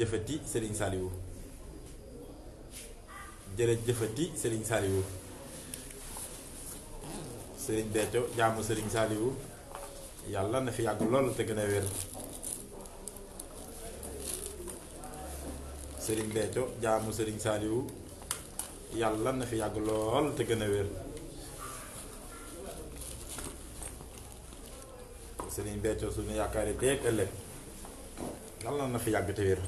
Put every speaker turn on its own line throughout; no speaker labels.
jëfati Serigne Saliou jërëjëfati Serigne Saliou Serigne yàlla na fi yàgg lool te gën a wér Serigne Béthio jaamu Serigne Saliou na fi a wér yaakaari teeg ëllëg yàlla na fi yàgg te wér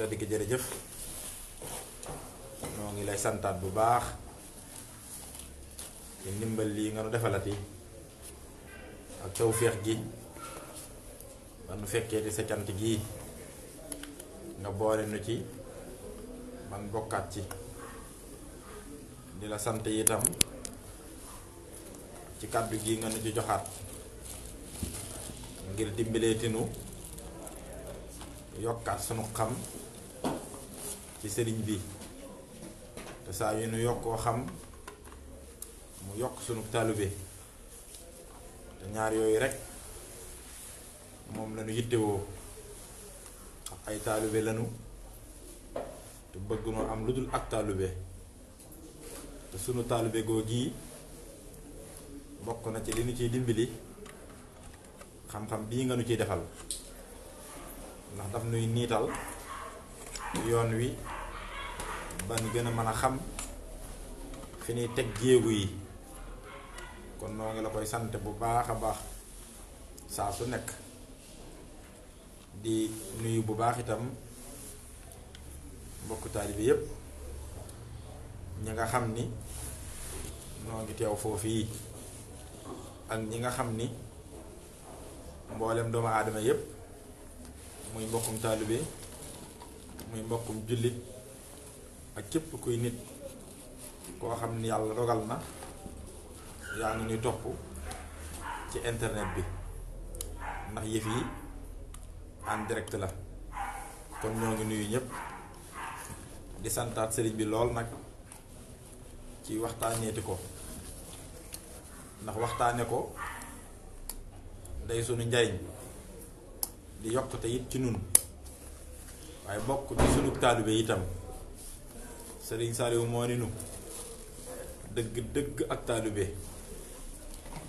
tedd ki jërëjëf noo ngi lay santaat bu baax ci ndimbal lii nga nu defalati ak tawféex gi ba nu fekkee di sa gii nga boole nu ci man bokkaat ci di la sant itam ci kàddu gi nga nu ci joxaat ngir dimbileeti nu yokkaat sunu xam ci sëriñ bi te saa yu nu yokkoo xam mu yokk sunu taalibe te ñaar yooyu rek moom lañu yittewoo ak ay taalibe lañu te bëgg noo am lu dul ak taalibe te sunu taalibe googi bokk na ci li nu ciy dimbali xam-xam bii nga nu ciy defal ndax daf nuy niital yoon wi ba ñu gën a mën a xam fi ñuy teg jéegu yi kon noo ngi la koy sant bu baax a baax saa su nekk di nuyu bu baax itam mbokku taalibe yépp ñi nga xam ni noo ngi teew foofu yi ak ñi nga xam ni mboolem doomu aadama yépp muy mbokkum taalibe muy mbokkum jullit ak képp kuy nit koo xam ni yàlla dogal na yaa ngi ñuy topp ci internet bi ndax yëf yi en direct la kon ñoo ngi nuyu ñëpp di santaat sëriñ bi lool nag ci waxtaaneeti ko ndax waxtaane ko day sunu njariñ di yokkute it ci nun ay bokk ci sunu taalibe itam Serigne saliw mo ni nu deug deug ak taalibe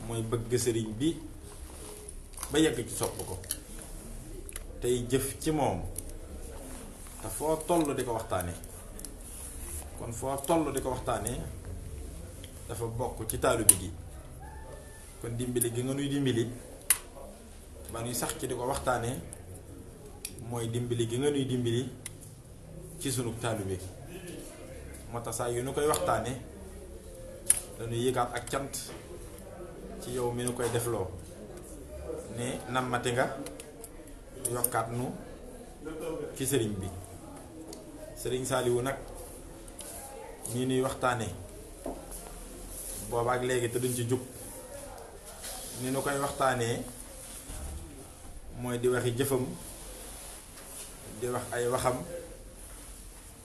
moy bëgg Serigne bi ba yegg ci sopp ko tay jëf ci mom te fo tollu diko waxtane kon fo tollu diko waxtane dafa bokk ci gi kon dimbali gi nga nuy dimbali ba nuy sax ci diko waxtane mooy dimbali gi nga nuy dimbali ci sunu taalibe moo tax saa yu nu koy waxtaane dañuy yëgaat ak cant ci yow mi nu koy defloo ne nammati nga yokkaat nu ci sëriñ bi sëriñ Saaliwu nag ñi nuy waxtaane boobaak léegi te ci jub ni nu koy waxtaanee mooy di waxi jëfam di wax ay waxam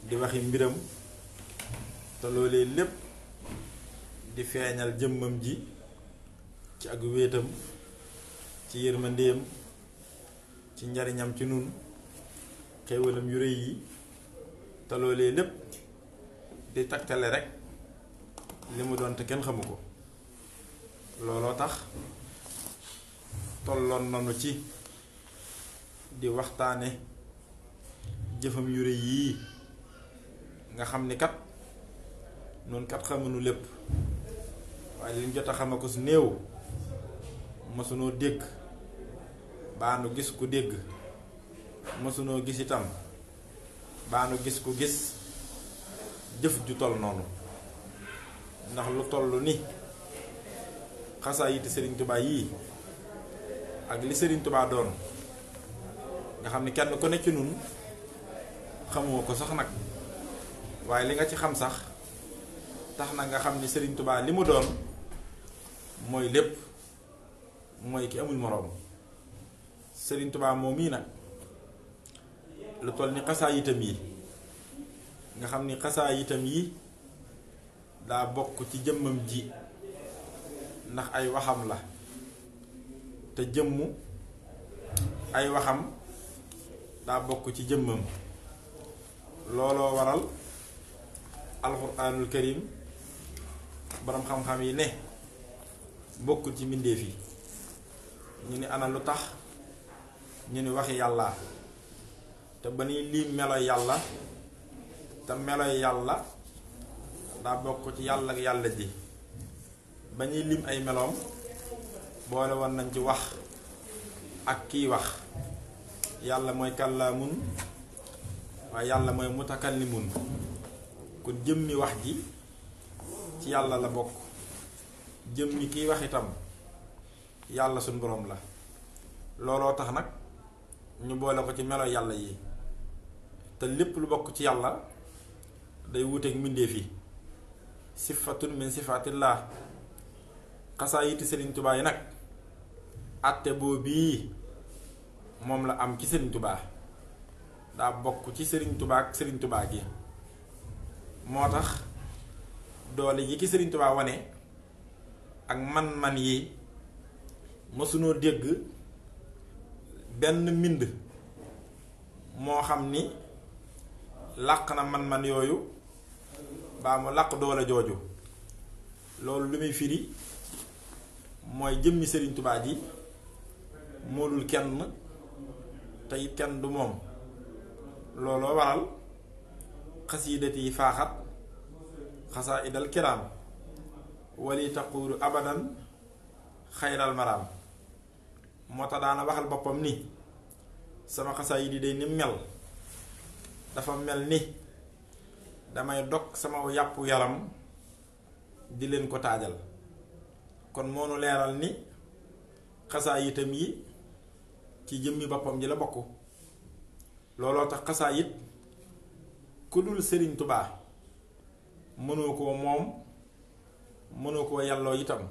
di waxi mbiram te loolee lépp di feeñal jëmmam ji ci ak wéetam ci yërmandeem ci njariñam ci nun xéewalam yu rëy yi te loolee lépp di taktale rek li mu doon te kenn xamu ko looloo tax tolloon nanu ci di waxtaane jëfam yu rëy yii nga xam ni kat noonu kat xamuñu lépp waaye liñ jot a xama ko su néew mësunoo dégg baanu gis ku dégg mësunoo gis itam baanu gis ku gis jëf ju toll noonu ndax lu toll ni xasaayiti Serigne Touba yii ak li Serigne Touba doon nga xam ne kenn ku ne ci nun xamoo ko sax nag waaye li nga ci xam sax tax na nga xam ni Sëriñ Tubaa li mu doon mooy lépp mooy ki amul moroom Sëriñ Tubaa moom mii nag lu toll ni xasaa yitam yi nga xam ni xasaa yitam yi daa bokk ci jëmmam ji ndax ay waxam la te jëmmu ay waxam daa bokk ci jëmmam looloo waral alxuraanul karim boroom xam-xam yi ne bokk ci mbindeef yi ñu ni ana lu tax ñu ni waxi yàlla te ba nuy lii melo yàlla te melo yàlla daa bokk ci yàlla yàlla ji ba ñuy lim ay meloom boole woon nañ ci wax ak kiy wax yàlla mooy kàllaamun wa yalla moy mutakallimun ku jëmmi wax ji ci yalla la bok jëmmi ki wax itam yalla sun borom la lolo tax nak ñu boole ko ci melo yalla yi te lepp lu bok ci yalla day ak minde fi sifatun min sifatillah qasayit serigne touba yi nak atte bo bi mom la am ci serigne touba daa bokk ci sëriñ tubaa sëriñ tubaa gi moo tax doole yi ci sëriñ tubaa wane ak man-man yi mësunoo dégg benn mbind moo xam ni làq na man-man yooyu baa mu làq doole jooju loolu lu muy firi mooy jëmmi sëriñ tubaa ji moolul kenn tey kenn du moom looloo waral xas yi faaxat xasaa idal kiraam wali taquuru abadan xayral maraam moo tax daana waxal boppam ni sama xasaa yi di day ni mel dafa mel ni damay dog sama yàppu yaram di leen ko taajal kon moonu leeral ni xasaa itam yi ci jëmmi boppam ji la bokk looloo tax xasaayit ku dul sëriñ tubaa mënoo koo moom mënoo koo yàlloo itam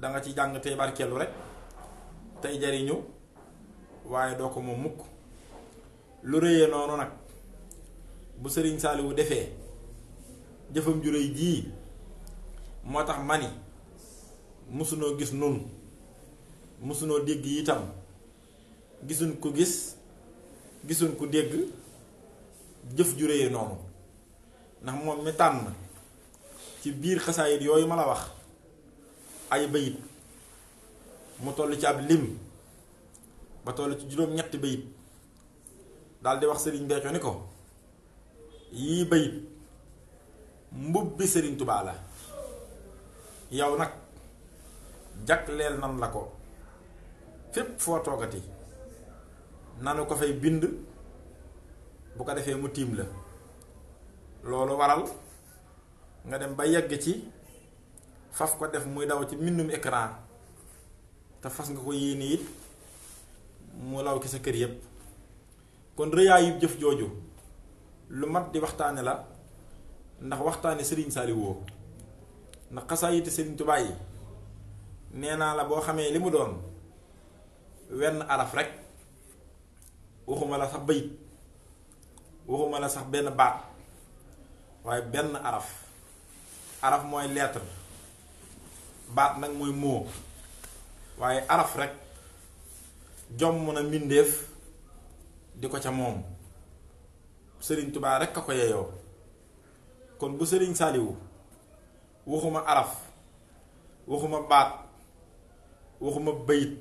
danga nga ci jàng tey barkeelu rek tey jariñu waaye doo ko moom mukk lu rëyee noonu nag bu sëriñ saaliwu defee jëfam ju rëy jii moo tax mani mosunoo gis nun mosunoo dégg itam gisuñ ko gis gisuñ ku dégg jëf ju réye noonu ndax moom mi tànn ci biir xasaayit yooyu ma la wax ay bayit mu toll ci ab lim ba toll ci juróom-ñetti bayit daal wax sëriñ Béthio ni ko yii bayit mbub sëriñ Tubaa la yow nag jagleel nan la ko fépp foo toogati nanu ko fay bind bu ko defee mu tiim la loolu waral nga dem ba yegg ci fas ko def muy daw ci mbindum écran te fas nga ko yéene it mu law ki sa kër yépp kon rëyaayu jëf jooju lu mat di waxtaane la ndax waxtaani sëriñ Saaliwoo ndax xasaayiti sëriñ Tuubaa yi nee naa la boo xamee li mu doon wenn araf rek waxuma la sax bayit waxuma la sax benn baat waaye benn araf araf mooy lettre baat nag mooy mot waaye araf rek jomm na mbindéef di ko ca moom sëriñ tubaa rek a ko yeyoo kon bu sëriñ saaliwu waxuma araf waxuma baat waxuma bayit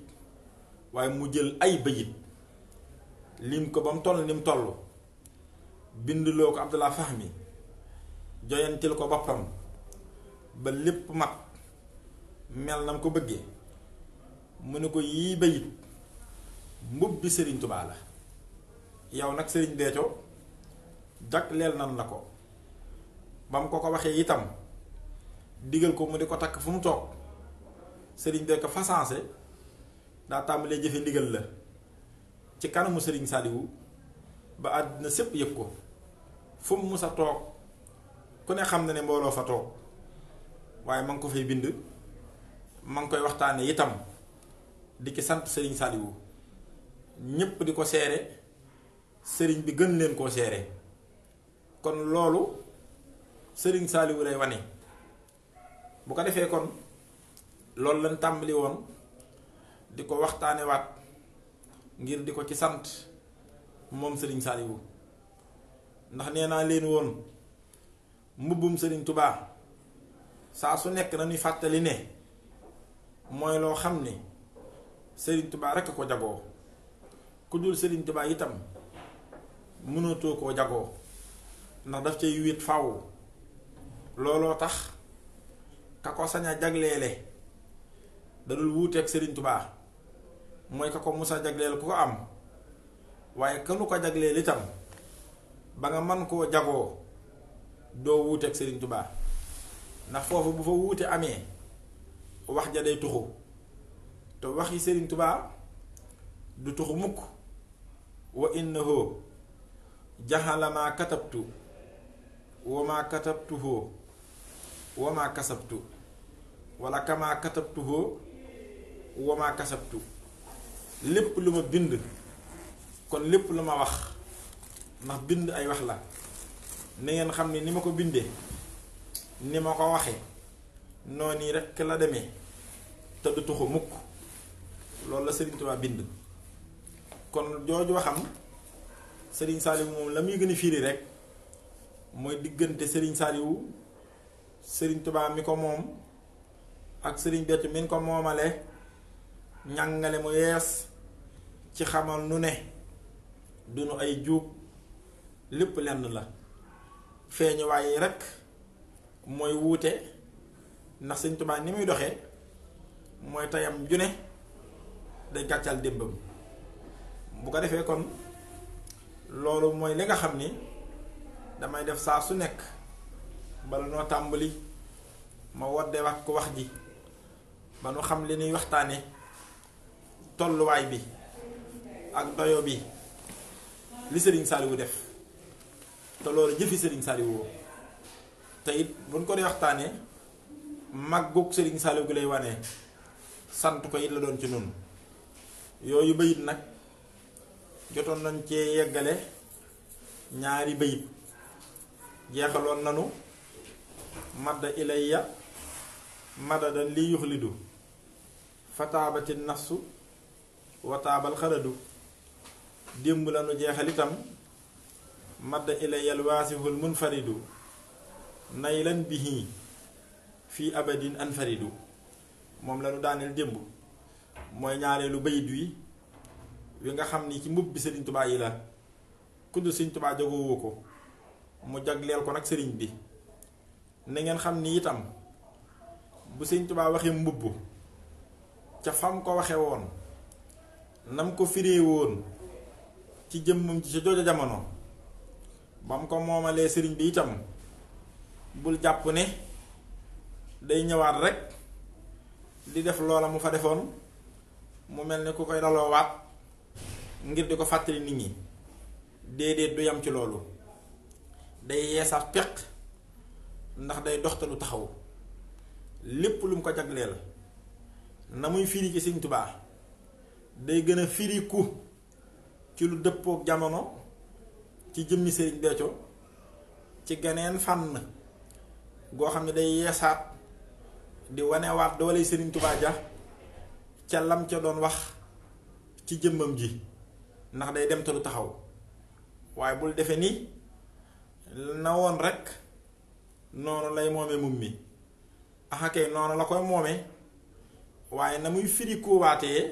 waaye mu jël ay bayit lim ko ba mu toll ni mu toll binduloo ko Abdallah Fahmi joyantil ko boppam ba lépp mag mel na mu ko bëggee mu ne ko yii bayit mbubb bi sëriñ tubaa la yow nag sëriñ Béthio jagleel nan la ko ba mu ko ko waxee itam digal ko mu di ko takk fu mu toog sëriñ Béthio fasanse daa tàmbalee jëfe ndigal la ci kanamu sëriñ Saliou ba àddina sépp yëpp ko fum mu mus toog ku ne xam na ne mbooloo fa toog waaye ma ngi ko fay bind ma ngi koy waxtaane itam di ki sant sëriñ Saliou ñépp di ko seere sëriñ bi gën leen koo seere kon loolu sëriñ Saliou lay wane bu ko defee kon loolu lañ tàmbali woon di ko waxtaanewaat ngir di ko ci sant moom sëriñ Saliou ndax nee naa leen woon mbubbum sëriñ tubaa saa su nekk nañuy fàttali ne mooy loo xam ne sëriñ tubaa rekk ko jagoo ku dul sëriñ tubaa itam mënatoo koo jagoo ndax daf ci wéet faw looloo tax ka ko sañ a jagleele da dul wuuteeg sëriñ tubaa mooy ka ko musa jagleel ku ko am waaye ka lu ko jagleel itam ba nga man koo jagoo doo ak sëriñ tubaa ndax foofu bu fa wuute amee wax ja day tuxu te waxi sëriñ tubaa du tuxu mukk wa innahu jahala ma katabtu wa ma katabtuhu wa ma kasabtu wala kama katabtuhu wa ma kasabtu lépp lu ma bind kon lépp lu ma wax ndax bind ay wax la na ngeen xam ni ni ma ko bindee ni ma ko waxee noonu yi rekk la demee te du tuxu mukk loolu la Sëriñ Tuubaa bind kon jooju waxam Sëriñ Saaliw moom la muy gën a firi rek mooy diggante Sëriñ Saaliw Sëriñ Tuubaa mi ko moom ak Sëriñ Béthio mi ko moomale ñàngale mu yees ci xamal nu ne duñu ay juug lépp lenn la feeñu waaye rek mooy wuute ndax sëñ Tuubaa ni muy doxee mooy tayam ju ne day gàccal démbam bu ko defee kon loolu mooy li nga xam ni damay def saa su nekk bala noo tàmbali ma waddee wax ko wax ji ba nu xam li ñuy waxtaane tolluwaay bi ak dayo bi li Serigne Saliou def te loolu jëfi Serigne Saliou te it buñ ko dee waxtaanee màggug Serigne Saliou gi lay wane sant ko it la doon ci noonu yooyu bayit nag jotoon nañ cee yeggale ñaari bayit jeexaloon nanu madda ilayya madadan li yuxlidu fataabati nafsu wataabal xaradu démb la jeexal itam madda ilayal waasiful munfaridu naylan bihi fii abadin anfaridu moom lañu nu daaneel démb mooy ñaareelu bayit wi wi nga xam ni ci mbubb bi sëriñ tubaa yi la kudd sëriñ tubaa ko mu jagleel ko nag sëriñ bi na ngeen xam ni itam bu sëriñ tubaa waxee mbubb ca fam ko waxe woon nam ko firee woon ci jëmmam ci sa jooja jamono ba mu ko moomalee sëriñ bi itam bul jàpp ne day ñëwaat rek di def loola mu fa defoon mu mel ni ku koy daloowaat ngir di ko fàttali nit ñi déedéet du yam ci loolu day yeesaat peq ndax day doxtalu taxaw lépp lu mu ko jagleel na muy firi ci Sëriñ Tuubaa day gën a ku ci lu dëppook jamono ci jëmmi sëriñ Béthio ci geneen fànn goo xam ne day yeesaat di wanewaat doole sëriñ Touba ca lam ca doon wax ci jëmmam ji ndax day dem te lu taxaw waaye bul defe ni na woon rek noonu lay moome mum mi axakay noonu la koy moome waaye na muy firi koowaatee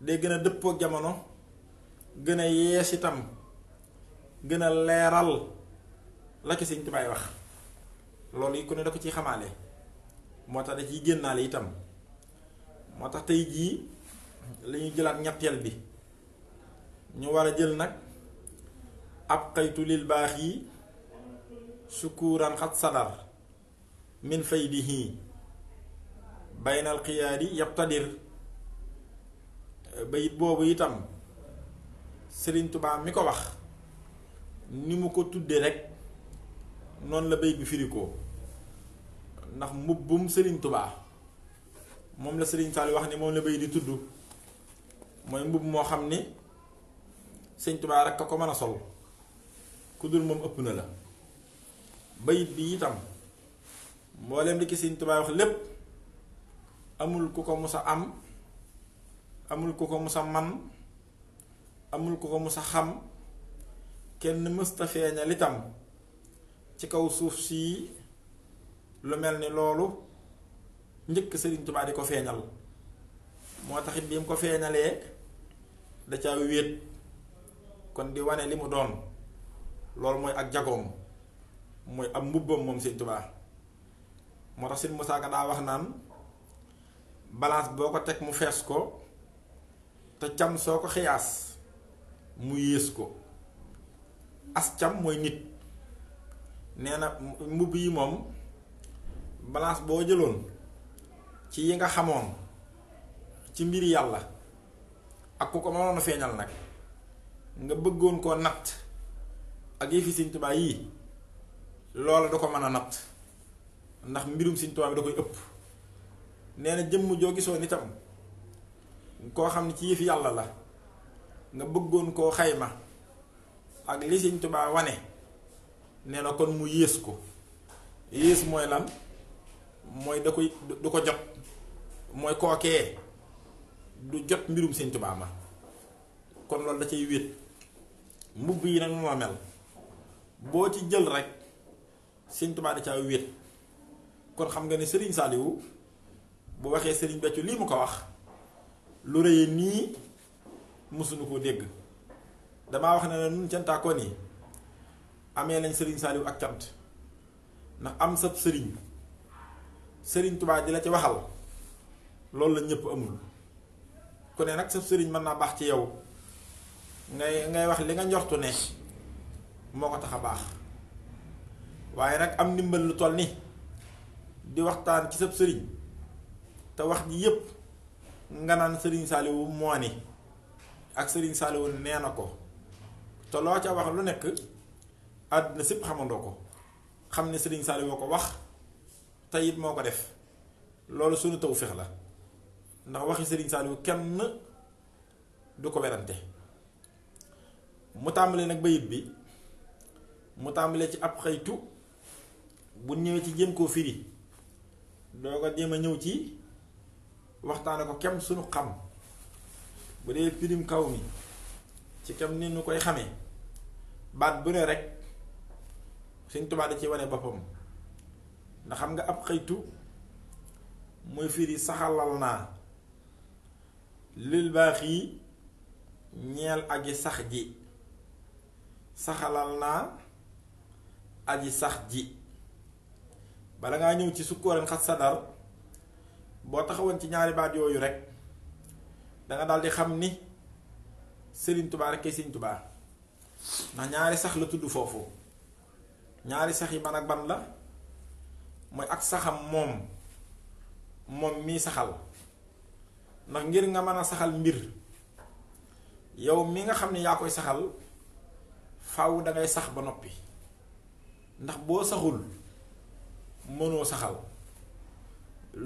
day gën a dëppook jamono gën a yees itam gën a leeral la ci sëñ Tuubaa wax loolu yi ku ne da ci ciy xamaale moo tax da ciy génnaale itam moo tax tey jii li jëlaat ñetteel bi ñu war a jël nag ab xaytu lil baax yi sukuran xat sadar min faydihi baynal xiyaari yabtadir bayit boobu itam Serigne Touba mi ko wax ni mu ko tuddee rek noonu la béy bi firikoo ndax mbubbum Serigne tubaa moom la Serigne Sall wax ni moom la béy di tudd mooy mbubb moo xam ni Sëñ tubaa rek a ko mën a sol ku dul moom ëpp na la bayit bi itam mboolem li ki Sëñ Touba wax lépp amul ku ko mus a am amul ku ko mus a man amul ku ko mës a xam kenn mësta feeñal itam ci kaw suuf sii lu mel ni loolu njëkk Sëriñ Tuubaa di ko feeñal moo taxit bi mu ko feeñalee da caa wéet kon di wane li mu doon loolu mooy ak jagoom mooy am mbubbam moom Sëriñ Tuubaa moo tax Sëriñ Musaa daa wax naan balance boo ko teg mu fees ko te cam soo ko xiyaas mu yées ko as cam mooy nit nee na mbubb yi moom balance boo jëloon ci yi nga xamoon ci mbir yàlla ak ku ko mënoon a feeñal nag nga bëggoon koo natt ak yëfi Sëñ Tuubaa yii loola du ko mën a natt ndax mbirum Sëñ Tuubaa bi da koy ëpp nee na jëmm joo gisoo nitam koo xam ne ci yëfi yàlla la nga bëggoon koo xayma ak li Sëñ Tuubaa wane nee na kon mu yées ko yées mooy lan mooy da koy du ko jot mooy kookee du jot mbirum Sëñ Tuubaa ma kon loolu da cay wéet mbubb yi nag moo mel boo ci jël rek Sëñ Tuubaa da caa wéet kon xam nga ne Sëriñ Saaliwu bu waxee Sëriñ Béccu lii mu ko wax lu rëyee nii musuñu ko dégg dama wax ne nun ko ni amee nañ sëriñ saliw ak cant ndax am sab sëriñ sëriñ tuba di la ci waxal loolu la ñëpp amul ku ne nag sab sëriñ mën naa baax ci yow ngay ngay wax li nga njortu ne moo ko tax a baax am ndimbal lu toll ni di waxtaan ci sab sëriñ te wax ji yépp nga naan sëriñ saliw moo ni ak Serigne Saliou nee na ko te loo ca wax lu nekk àdduna sépp xamandoo ko xam ne sëriñ Saliou woo ko wax te it moo ko def loolu sunu suñu tawfeex la ndax waxi Serigne wu kenn du ko werante mu tàmbalee nag bayit bi mu tàmbalee ci ab xëytu bu ñëwee ci jéem koo firi doo ko jéem a ñëw ci waxtaane ko kem sunu xam bu dee pirim kaw mi ci kam ni ñu koy xame baat bu ne rek Sëñ Tuubaa da ci wane boppam ndax xam nga ab xëytu mooy firi saxalal naa lil baax yi ñeel aji sax ji saxalal naa yi sax ji bala ngaa ñëw ci sukkooran xas sadar boo taxawoon ci ñaari baat yooyu rek da nga daal di xam ni Serigne Touba rek kay ndax ñaari sax la tudd foofu ñaari sax yi man ak ban la mooy ak saxam moom moom mii saxal ndax ngir nga mën a saxal mbir yow mi nga xam ne yaa koy saxal faw dangay sax ba noppi ndax boo saxul mënoo saxal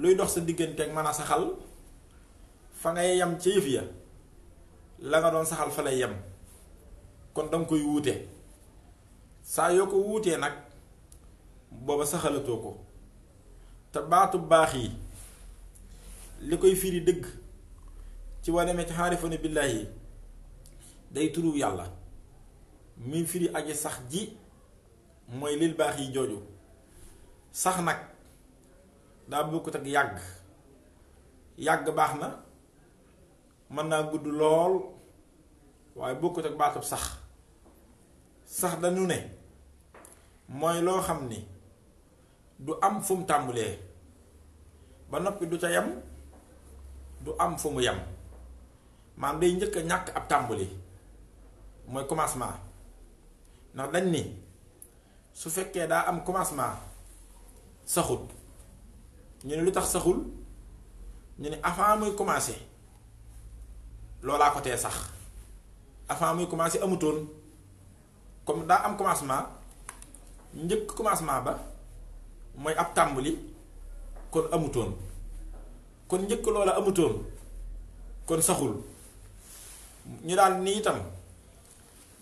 luy dox sa diggante ak mën a saxal. fa ngay yem ca yëf ya la nga doon saxal fa lay yem kon danga koy wuute saa yoo ko wuutee nag booba saxalatoo ko te baatu baax yi li firi dëgg ci waa demee ci xaarifane billaahi day turu yàlla muy firi aji sax ji mooy lil baax yi jooju sax nag daa bokkut ak yàgg yàgg baax mën naa gudd lool waaye bokkut ak baatub sax sax dañu ne mooy loo xam ni du am fu mu tàmbulee ba noppi du ca yam du am fu mu yam maanaam day njëkk a ñàkk ab tàmbuli mooy commencement ndax dañ ni su fekkee daa am commencement saxut ñu ne lu tax saxul ñu ne avant muy commencer loolaa ko tee sax avant muy commencé amutoon comme daa am commencement njëkk commencement ba mooy ab tàmbali kon amutoon kon njëkk loola amutoon kon saxul ñu daal ni itam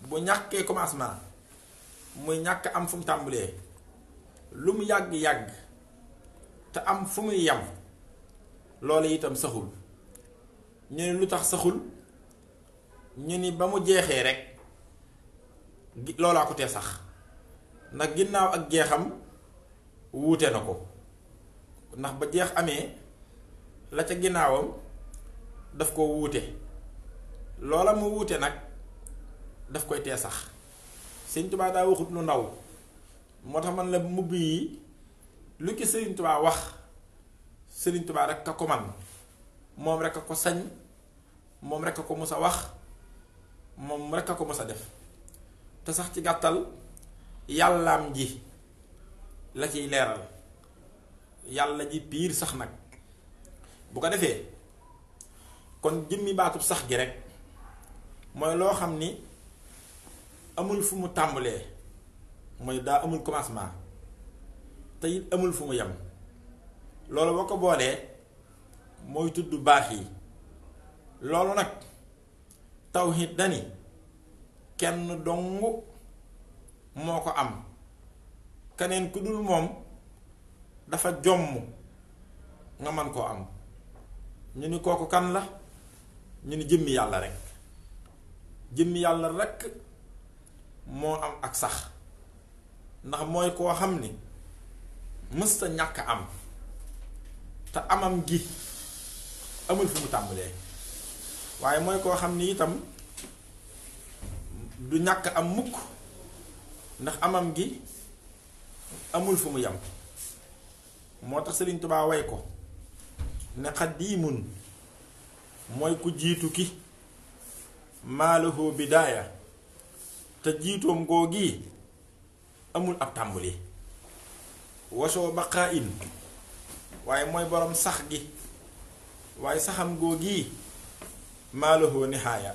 bu ñàkkee commencement muy ñàkk am fu mu tàmbalee lu mu yàgg-yàgg te am fu muy yam loola itam saxul ñu ne lu tax saxul ñu ni ba mu jeexee rek loolaa ko tee sax ndax ginnaaw ak jeexam wuute na ko ndax ba jeex amee la ca ginnaawam daf ko wuute loola mu wuute nag daf koy tee sax sëñ tubaa daa waxut lu ndaw moo tax man la mubb yi lu ci sëriñ tubaa wax sëriñ tubaa rek ka ko man moom rekk a ko sañ moom rek a ko mës a wax moom rek a ko mës a def te sax ci gàttal yàllaam ji la ciy leeral yàlla ji biir sax nag bu ko defee kon jëmmi baatub sax gi rek mooy loo xam ni amul fu mu tàmbalee mooy daa amul commencement te it amul fu mu yem loolu boo ko boolee moy tudd baax yi loolu nag tawhid dani kenn dong moo ko am keneen ku dul moom dafa jomm nga man koo am ñu ni kooku kan la ñu ni jëmmi yàlla rek jëmmi yàlla rek moo am ak sax ndax mooy koo xam ni mësta am te amam gi amul fu mu tàmbalee waaye mooy koo xam ni itam du ñàkk am mukk ndax amam gi amul fu mu yam moo tax Sëriñ Tuubaa way ko ne xadiimun mooy ku jiitu ki maalahu bidaaya te jiitoom googi amul ab tàmbali wasoo baqaa in waaye mooy borom sax gi waaye saxam googii maalohoo nihaaya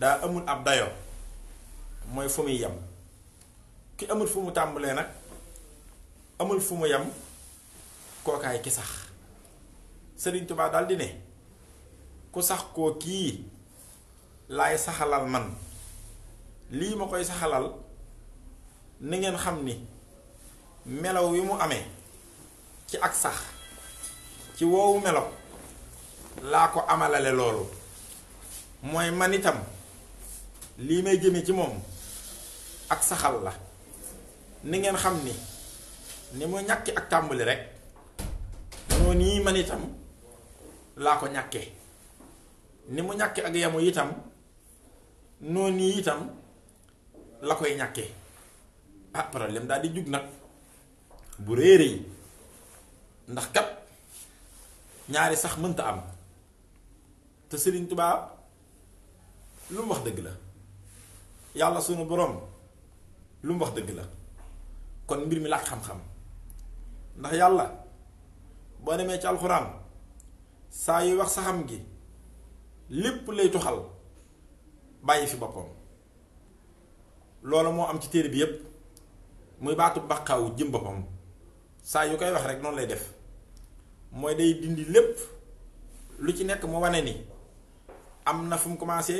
daa amul ab dayoo mooy fu muy yem ki amul fu mu tàmbalee nag amul fu mu yem kookaay ki sax Sëriñ Tubaa daal di ne ku sax koo kii laay saxalal man lii ma koy saxalal ni ngeen xam ni melow wi mu amee ci ak sax ci woowu melaw laa ko amalale loolu mooy man itam lii may jëme ci moom ak saxal la ni ngeen xam ni ni mu ñàkki ak tàmbali rek noonu nii man itam laa ko ñàkke ni mu ñàkke ak yamu itam noonu nii itam la koy ñàkke ah problème daal di jug nag bu réeré yi ndax kat ñaari sax mënta am te Sëriñ Tubaa lu mu wax dëgg la yàlla sunu boroom lu mu wax dëgg la kon mbir mi laaj xam-xam ndax yàlla boo demee ci alxuraan saa yu wax sa xam gi lépp lay tuxal bàyyi fi boppam loolu moo am ci téere bi yépp muy baatu baqaawu jëm boppam saa yu koy wax rek noonu lay def mooy day dindi lépp lu ci nekk mu wane ni am na fu mu commencé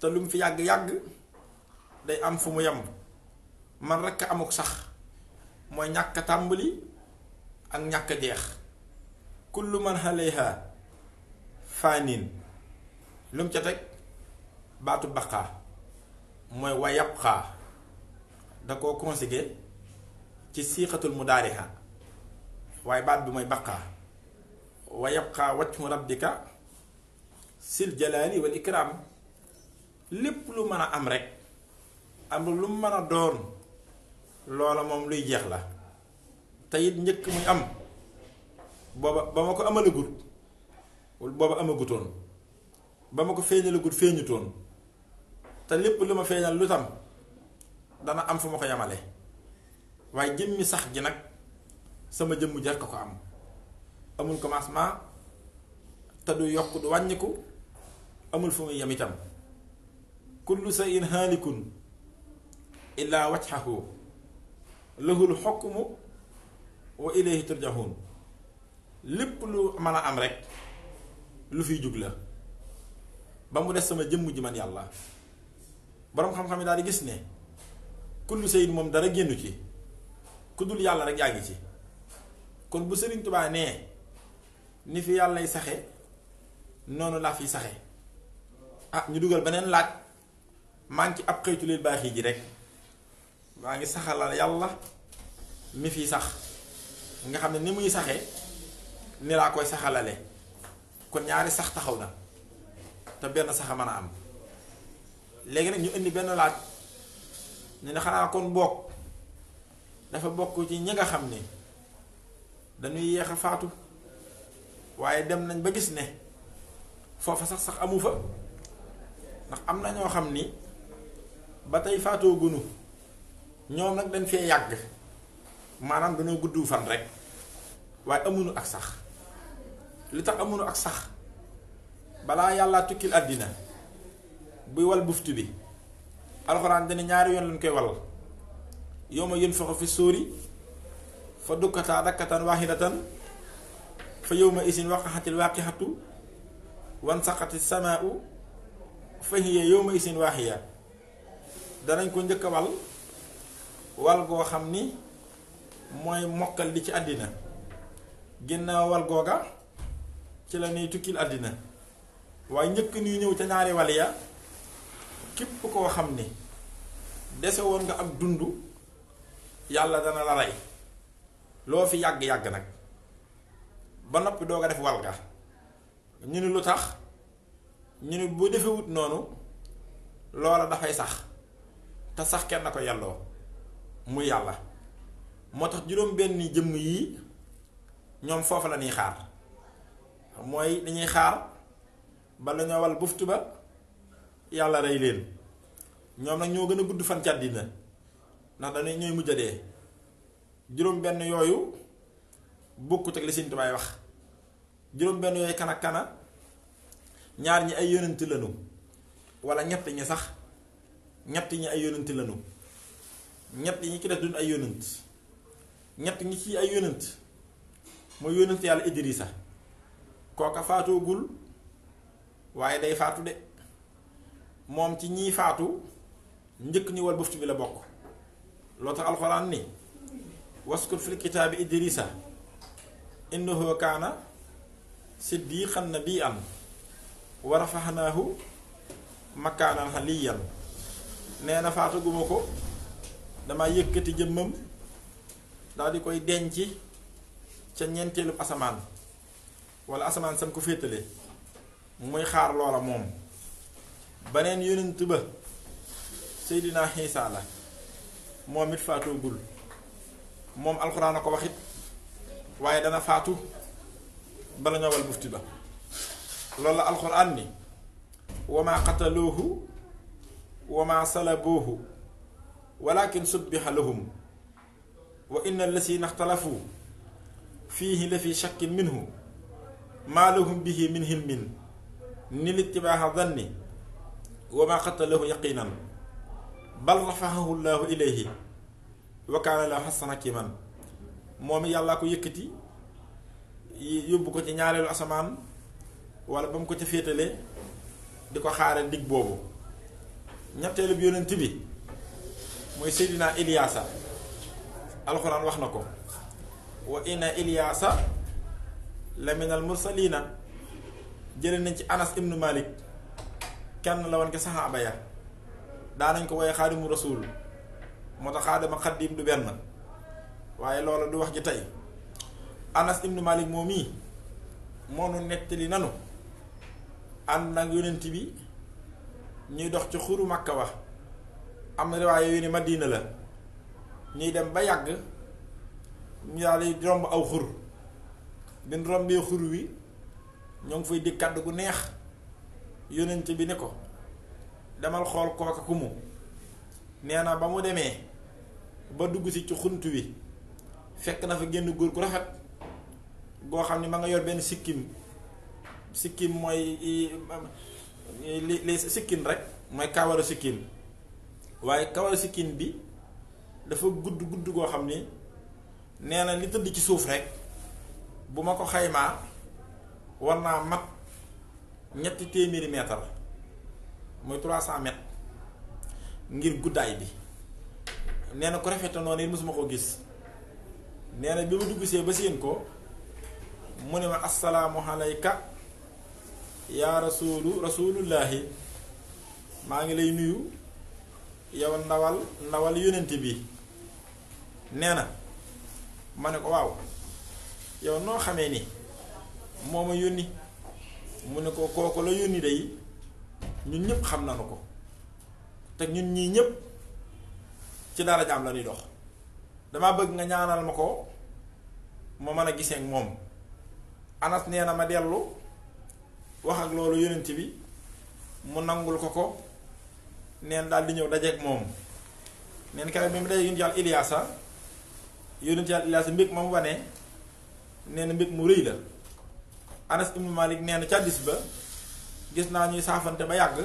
te lu mu fi yàgg-yàgg day am fu mu yem man rekk amuk sax mooy ñàkk a tàmbali ak ñàkk a jeex lu man alayha faanin lu mu ca teg baatu baqaa mooy wa yabqaa da koo conjugué ci siixatul mudaariha waaye baat bi mooy baqaa wa yabqaa wajhu rabbika sil jalali wal ikram lepp lu meuna am rek am lu meuna a doon loola luy jeex la tayit muy am boba bama ma ko amalagut booba amagutoon ba bama ko feeñalagut feeñutoon te lépp lu ma feeñal lu tam dana am fu mako yamale way jëmmi sax ji nak sama jëmm jar ko ko am amul commencement ta du yok du amul fu muy yem itam kullu sayin haalikun illaa wajhahu lahul xokmu wa ilayhi turjaxuun lépp lu mën a am rek lu fiy jug la ba mu des sama jëmm ji man yàlla boroom xam-xam yi daal di gis ne kullu sayin moom dara génnu ci ku dul yàlla rek yaa ngi ci kon bu Sëriñ Tubaa nee ni fi yàllay saxe noonu laa fi saxe ah ñu dugal beneen laaj maa ngi ci ab xëytu lil baax yi ji rek maa ngi saxalal yàlla mi fi sax nga xam ne ni muy saxee ni laa koy saxalale kon ñaari sax taxaw na te benn sax a mën a am léegi nag ñu indi benn laaj ñu ne xanaa kon bokk dafa bokk ci ñi nga xam ni dañuy yéex a faatu waaye dem nañ ba gis ne foofa sax sax amu fa ndax am na ñoo xam ni ba tey faatoo gunu ñoom nag dañ fee yàgg maanaam dañoo gudd fan rek waaye amuñu ak sax li tax amuñu ak sax balaa yàllaa tukkil àddina buy wal buftu bi alxuraan dana ñaari yoon lañ koy wal yow ma yén faxo fi sóori fa dukkataa dakkatan waaxidatan fa yow ma isin waqaxatil waaqixatu wan saqati samaau fahiya yawma isin waahiya danañ ko njëkk a wal wal goo xam ni mooy mokkal li ci àddina ginnaaw wal googa ci la ñuy tukkil àddina waaye njëkk ñuy ñëw ca ñaari wal ya képp koo xam ni dese woon nga ak dund yàlla dana la rey loo fi yàgg-yàgg nag ba noppi doo ko def wal ga ñu ni lu tax ñu ne bu defewut noonu loola dafay sax te sax kenn na ko yàlloo muy yàlla moo tax juróom benn jëmm yii ñoom foofu la ñuy xaar mooy dañuy xaar bala ñoo wal buftu ba yàlla rey leen ñoom nag ñoo gën a gudd fan ci àddina ndax dañuy ñooy mujj a dee juróom benn yooyu bokkut ak li wax juróom benn yooyu kana kana ñaar ñi ay yonanti lanu wala ñett ñi sax ñett ñi ay yonent lanu ñett ñi ci def duñ ay yonent ñett ñi ci ay yonent mooy yonent yàlla Idrissa kooka faatoogul waaye day faatu de moom ci ñiy faatu njëkk ñu wal buftu bi la bokk loo tax alxuraan ni waskut fil kitaabi Idrissa innahu kaana siddiqan nabiyyan wa rafaxnaahu makaanan xaliyan nee na faataguma ko dama yëkkati jëmmam daal di koy denc ca ñeenteelu asamaan wala asamaan sam ko féetale muy xaar loola moom beneen yonent ba Seydina Xiisa la moom it faatoogul moom alxuraan a ko waxit waaye dana faatu bala ñoo wal bufti ba لولا القران وما قتلوه وما صلبوه ولكن سبح لهم وان الذين اختلفوا فيه لفي شك منه ما لهم به من هم نل اتباع الظن وما قتله يقينا بل رفعه الله اليه وكان له حسن حكيما مومي يالا كو يكتي يوبكو تي نيارل اسمان wala ba mu ko ca féetalee di ko xaaral dig boobu ñetteelu bi yonent bi mooy Seydina Iliyaasa alxuraan wax na ko wa inna Iliyaasa la minal mursalina jële nañ ci Anas ibnu Malik kenn la woon ke saxaaba ya daanañ ko woye xaadimu rasuul moo tax xaadima xaddiim du benn waaye loola du wax ji tey Anas ibnu Malik moom mii moo nu nettali nanu ànd ak yonent bi ñuy dox ci xuru Makka wax am yooyu yu ne diina la ñuy dem ba yàgg ñu daal di romb aw xur bin rombee xur wi ñoo ngi fay dégg kàddu gu neex yonent bi ne ko demal xool kooka ku mu nee naa ba mu demee ba dugg si ci xunt wi fekk na fa génn góor gu rafet goo xam ne ma nga yor benn sikkim sikkim mooy li li sikkin rek mooy kawaru sikkin waaye kawaru sikkin bi dafa gudd gudd goo xam ni nee na li tëdd ci suuf rek bu ma ko xaymaa war naa mat ñetti téeméeri mètre mooy trois cent mètres ngir guddaay bi nee na ku rafeta noonu it mosuma ko gis nee na bi ma dugg see ba séen ko mu ne ma asalaamu alayka yaa rasulu rasulullahi maa ngi lay nuyu yow ndawal ndawal yonent bi nee na ma ne ko waaw yow noo xamee ni moo ma yónni mu ne ko kooku la yónni day ñun ñëpp xam na nañu ko te ñun ñii ñëpp ci dara jaam la ñuy dox damaa bëgg nga ñaanal ma ko ma mën a gisee ak moom anas nee na ma dellu wax ak loolu yonent bi mu nangul ko ko neen daal di ñëw dajeeg moom neen keroog bi mu dajee yonent yàlla Iliyaasa yonent yàlla Iliyaasa mbég ma mu wane neen mbég mu rëy la Anas ibnu Malik neen ca ba gis naa ñuy saafante ba yàgg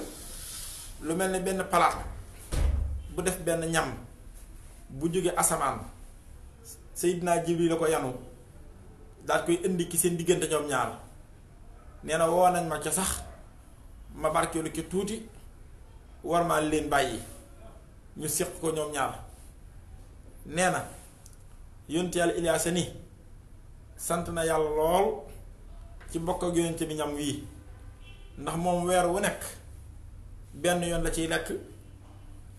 lu mel ni benn palaat bu def benn ñam bu jóge asamaan Seydina Jibril la ko yanu daal koy indi ki seen diggante ñoom ñaar nee na woo nañ ma ca sax ma barkeelu ci tuuti war maa leen bàyyi ñu séq ko ñoom ñaar nee na yonent yàlla Iliyaasa ni sant na yàlla lool ci bokk ak yonent bi ñam wii ndax moom weer wu nekk benn yoon la ciy lekk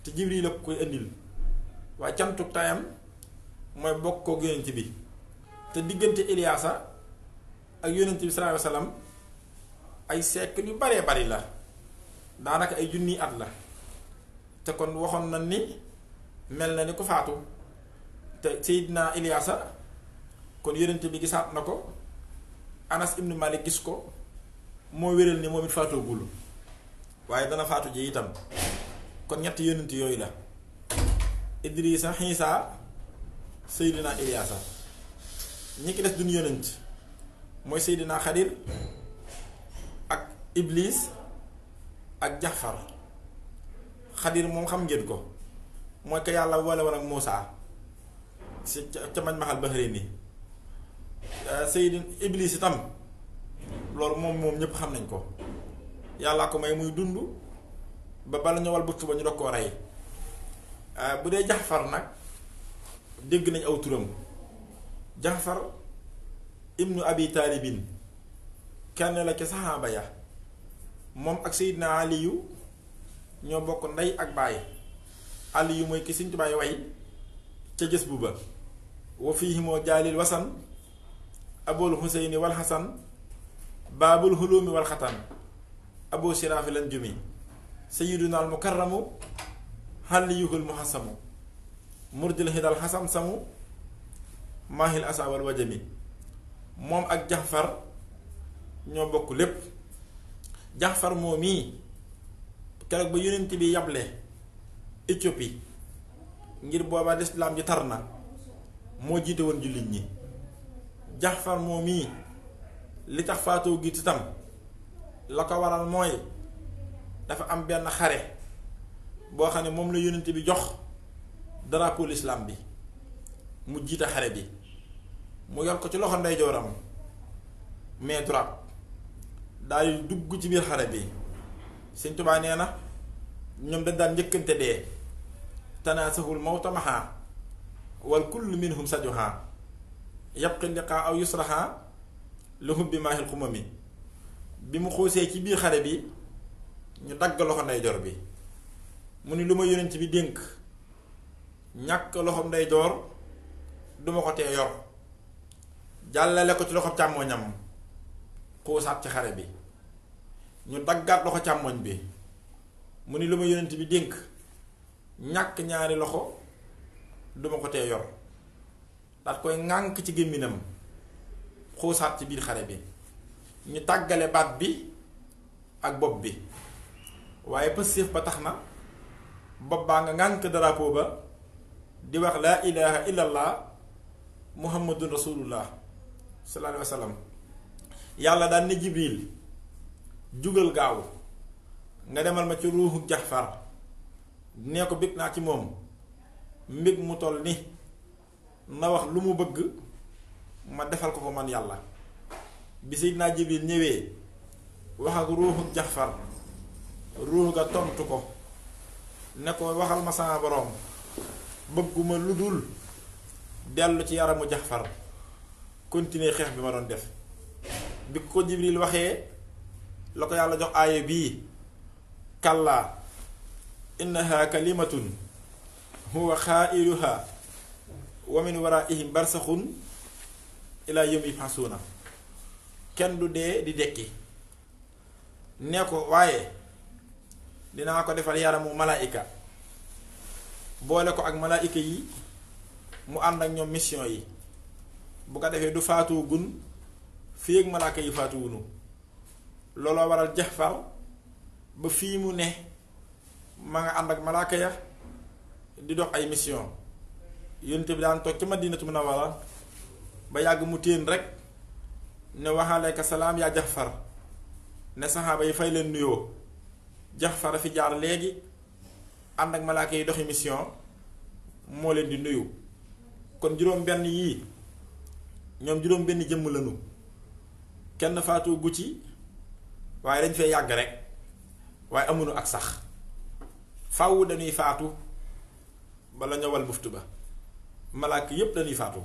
te Jibriil la ko koy indil waaye cantu tayam mooy bokk ak yonent bi te diggante Iliyaasa ak yonent bi sallallahu alayhi ay siècle yu baree bari la daanaka ay junni at la te kon waxoon na ni mel na ni ku faatu te Seydina Iliyaasa kon yonent bi gisaat na ko Anas ibnu Malik gis ko moo wéral ni moom it faatoogul waaye dana faatu ji itam kon ñetti yonent yooyu la Idrisa Xiisa Seydina Iliyaasa ñi ki des duñ yonent mooy Seydina Xadir iblis ak jafar khadir mom xam ngeen ko moy ka yalla wala woon ak Moussa si ci mañ mahal bahri ni euh, sayidin iblis tam loolu mom mom ñep xam nañ ko yalla ko may muy dundu ba bal ñu wal butt ba ñu dog euh, bu jaxfar nak nañ aw turam jaxfar ibnu abi Talibin, kan la ci sahaba ya mom ak Seydina Aliyu ño bok nday ak baay Aliyu moy ki Sëñ Tuubaa way ci jess buba wa fihi mo jalil wasan abul husayn wal hasan babul hulum wal xatan abu siraf lan jumi sayiduna al mukarram mukarramu xalliyuhul muhasamu murjil hidal xasam samu mahil asawal wajami mom ak jahfar ño bok lépp jaxfar moom mii keroog ba yonent bi yable Éthiopie ngir booba lislaam ji tar na moo jiite woon jullit ñi jaxfar moom mii li tax faatoo gi itam la ko waral mooy dafa am benn xare boo xam ne moom la yonent bi jox drapeau lislaam bi mu jiite xare bi mu yor ko ci loxo ndeyjooram mais droit daal di dugg ci biir xare bi sëñ Tuubaa nee na ñoom dañ daan njëkkante dee tanaasahul mawta mahaa wal kullu minhum sajuhaa yabqi liqaa aw yusrahaa lahum bi maahil xumami bi mu xuusee ci biir xare bi ñu dagg loxo ndeyjoor bi mu ni lu ma yonent bi dénk ñàkk loxo ndeyjoor duma ko tee yor jàllale ko ci loxo càmmooñam xuusaat ci xare bi ñu daggaat loxo càmmoñ bi mu ni lu ma yonent bi dénk ñàkk ñaari loxo duma ko tee yor daat koy ŋànk ci gémminam xuusaat ci biir xare bi ñu tàggale baat bi ak bob bi waaye pësséef ba tax na bopp baa nga ŋànk drapeau ba di wax la ilaha illallah muhammadun rasulullah sallallahu alayhi wa Yalla dan ne jibril jugal gaaw nga demal ma ci ruhu jahfar ne ko bég na ci mom mbég mu tol ni na wax lu mu bëgg ma defal ko ko man yalla bi na Jibril ñewé wax ak ruhu jahfar ruhu ga tontu ko ne ko waxal ma sama borom bëgguma ludul delu ci yaramu jahfar continuer xex bi ma don def bi ko jibril waxee la ko yàlla jox aaya bii kallaa innaha kalimatun huwa xaailuha wa min waraihim barsaxun ilaa yawmi yub'asuuna kenn du dee di dekki ne ko waaye dinaa ko defal yaramu malaayika boole ko ak malaayika yi mu ànd ak ñoom mission yi bu ko defee du faatu gun fii ak malaaka yi faatu wunu looloo waral jaxfar ba fii mu ne ma nga ànd ak malaaka ya di dox ay mission yonent bi daan toog ci madinatu munawwara ba yàgg mu téen rek ne waxaaleyka salaam yaa jaxfar ne saxaaba yi fay leen nuyoo jaxfar a fi jaar léegi ànd ak malaaka yi doxi mission moo leen di nuyu kon juróom benn yii ñoom juróom benn jëmm lanu kenn faatoo gu ci waaye dañ fee yàgg rek waaye amuñu ak sax faaw dañuy faatu bala ñowal buftu ba malaak yépp dañuy faatu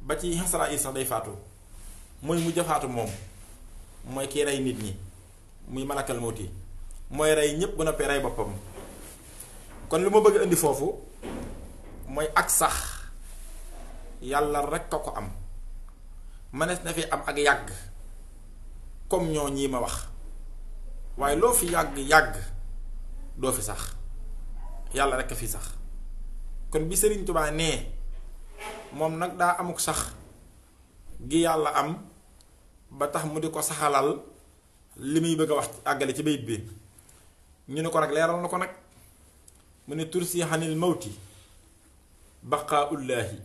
ba ci xasara yi sax day faatu mooy mujj faatu moom mooy kii rey nit ñi muy malakal mawti mooy rey ñépp bu noppee rey boppam kon lu ma bëgg indi foofu mooy ak sax yàlla rekk a ko am mënees na fi am ak yàgg comme ñoo ñii ma wax waaye loo fi yàgg yàgg doo fi sax yàlla rekk a fi sax kon bi Sëriñ Tubaa nee moom nag daa amuk sax gi yàlla am ba tax mu di ko saxalal li muy bëgg a wax àggale ci bayit bi ñu ne ko nag leeral na ko nag mu ne tursi xanil mawti baqaa ullaahi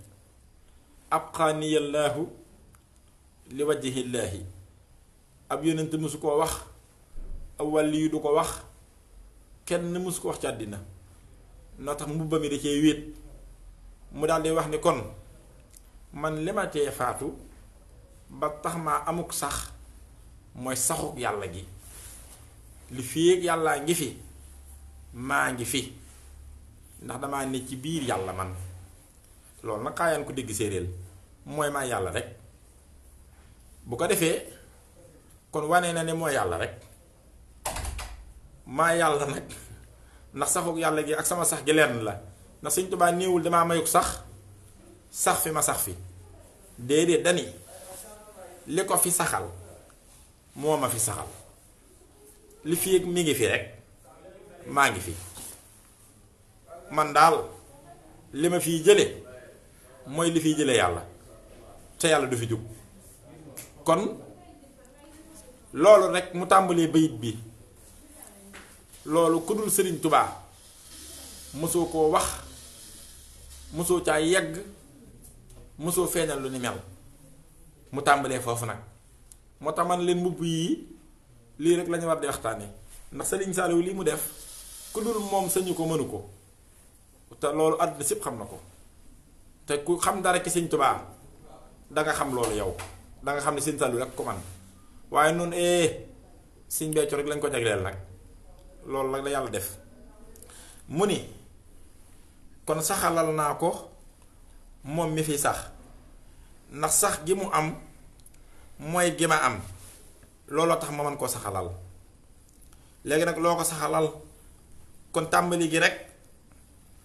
abqaaniyallaahu li wajhillaahi ab yonent mësu koo wax ab wàll yu du ko wax kenn musu ko wax ci àddina noo tax mbubba mi da cee wéet mu daldi wax ni kon man li ma faatu ba tax maa amuk sax mooy saxuk yàlla gi li fii yàllaa ngi fi maa ngi fi ndax dama ne ci biir yàlla man loolu nag ko dégg séeréel mooy maa yàlla rek bu ko defee kon wane na ne moo yàlla rek maa yàlla nag ndax saxuk yàlla gi ak sama sax gi lenn la ndax Sëñ Tuubaa néewul damaa mayuk sax sax fi ma sax fi déedéet dani li ko fi saxal moo ma fi saxal li fi yëg mi ngi fi rek maa ngi fi man daal li ma fiy jële mooy li fiy jële yàlla te yàlla du fi jub kon loolu rek mu tàmbalee bayit bi loolu ku dul sëriñ tubaa mosoo koo wax mosoo caa yegg mosoo feeñal lu ni mel mu tàmbalee foofu nag moo tax man leen mbubb yii lii rek lañuy war di waxtaane ndax sëriñ Saaliw lii mu def ku dul moom sañu ko mënu ko te loolu àdduna sépp xam na ko te ku xam dara ci sëriñ tubaa danga xam loolu yow da nga xamni seigne sallu rek ko man waye nun eh seigne beccu rek lañ ko jaglel nak loolu la yalla def muni kon saxalal na ko mom mi fi sax nak sax gi mu am moy gi ma am Lolo tax ma man ko saxalal legi nak loko saxalal kon tambali gi rek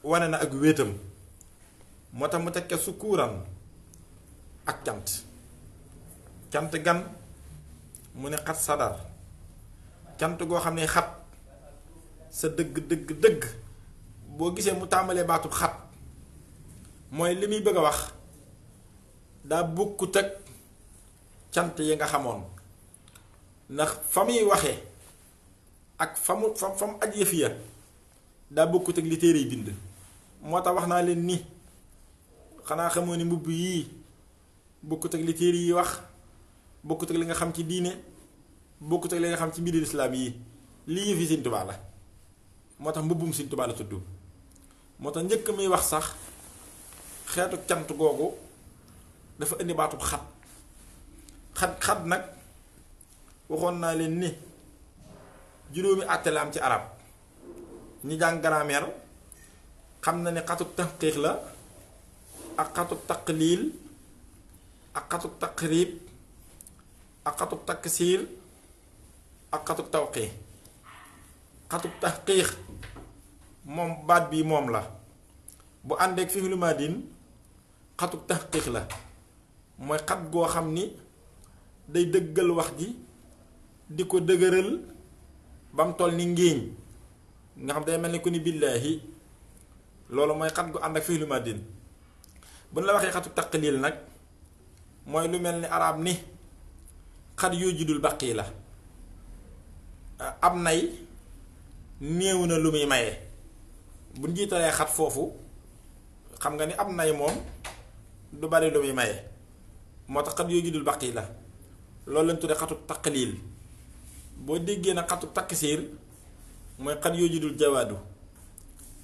wane na ak wetam motam mu tekke sukuram ak cant gan mu ne xat sadar cant goo xam ne xat sa dëgg dëgg dëgg boo gisee mu tàmbalee baatul xat mooy li muy bëgg a wax daa bokkut ak cant yi nga xamoon ndax fa muy waxee ak fa mu fa mu aj yëf ya daa bokkut ak li téere yi bind moo tax wax naa leen ni xanaa xamoo ni mbubb yii bokkut ak li téere yi wax bokkut ak li nga xam ci diine bokkut ak li nga xam ci mbiri lislaam yi lii yëfi Sëñ la moo tax mbubbum Sëñ Tuubaa la tudd moo tax njëkk muy wax sax xeetu cant googu dafa indi baatub xat xat xat nag waxoon naa leen ni juróomi àtte la am ci arab ñi jàng xam na ne xatub tanqiix la ak xatub liil ak xatub taqrib akatuk xatub akatuk tawqi xatub tahqiq mom bat bi mom la bu ak fi madin, xatub tahqiq la moy khat go xamni day deggal wax di ko bam tol mu ni ngéeñ nga xam day melni kuni billahi lolo moy khat go ande ak fihlu madin bu la waxe khatuk taqlil nak moy lu melni arab ni xat yoo judul baqi la ab nay néew na lu muy maye bu ñu jiitalee xat foofu xam nga ni ab nay moom du bari lu muy maye moo tax xat yoo judul baqi la loolu lañ tuddee xatu taqlil boo déggee na xatu taksiir mooy xat yoo judul jawaadu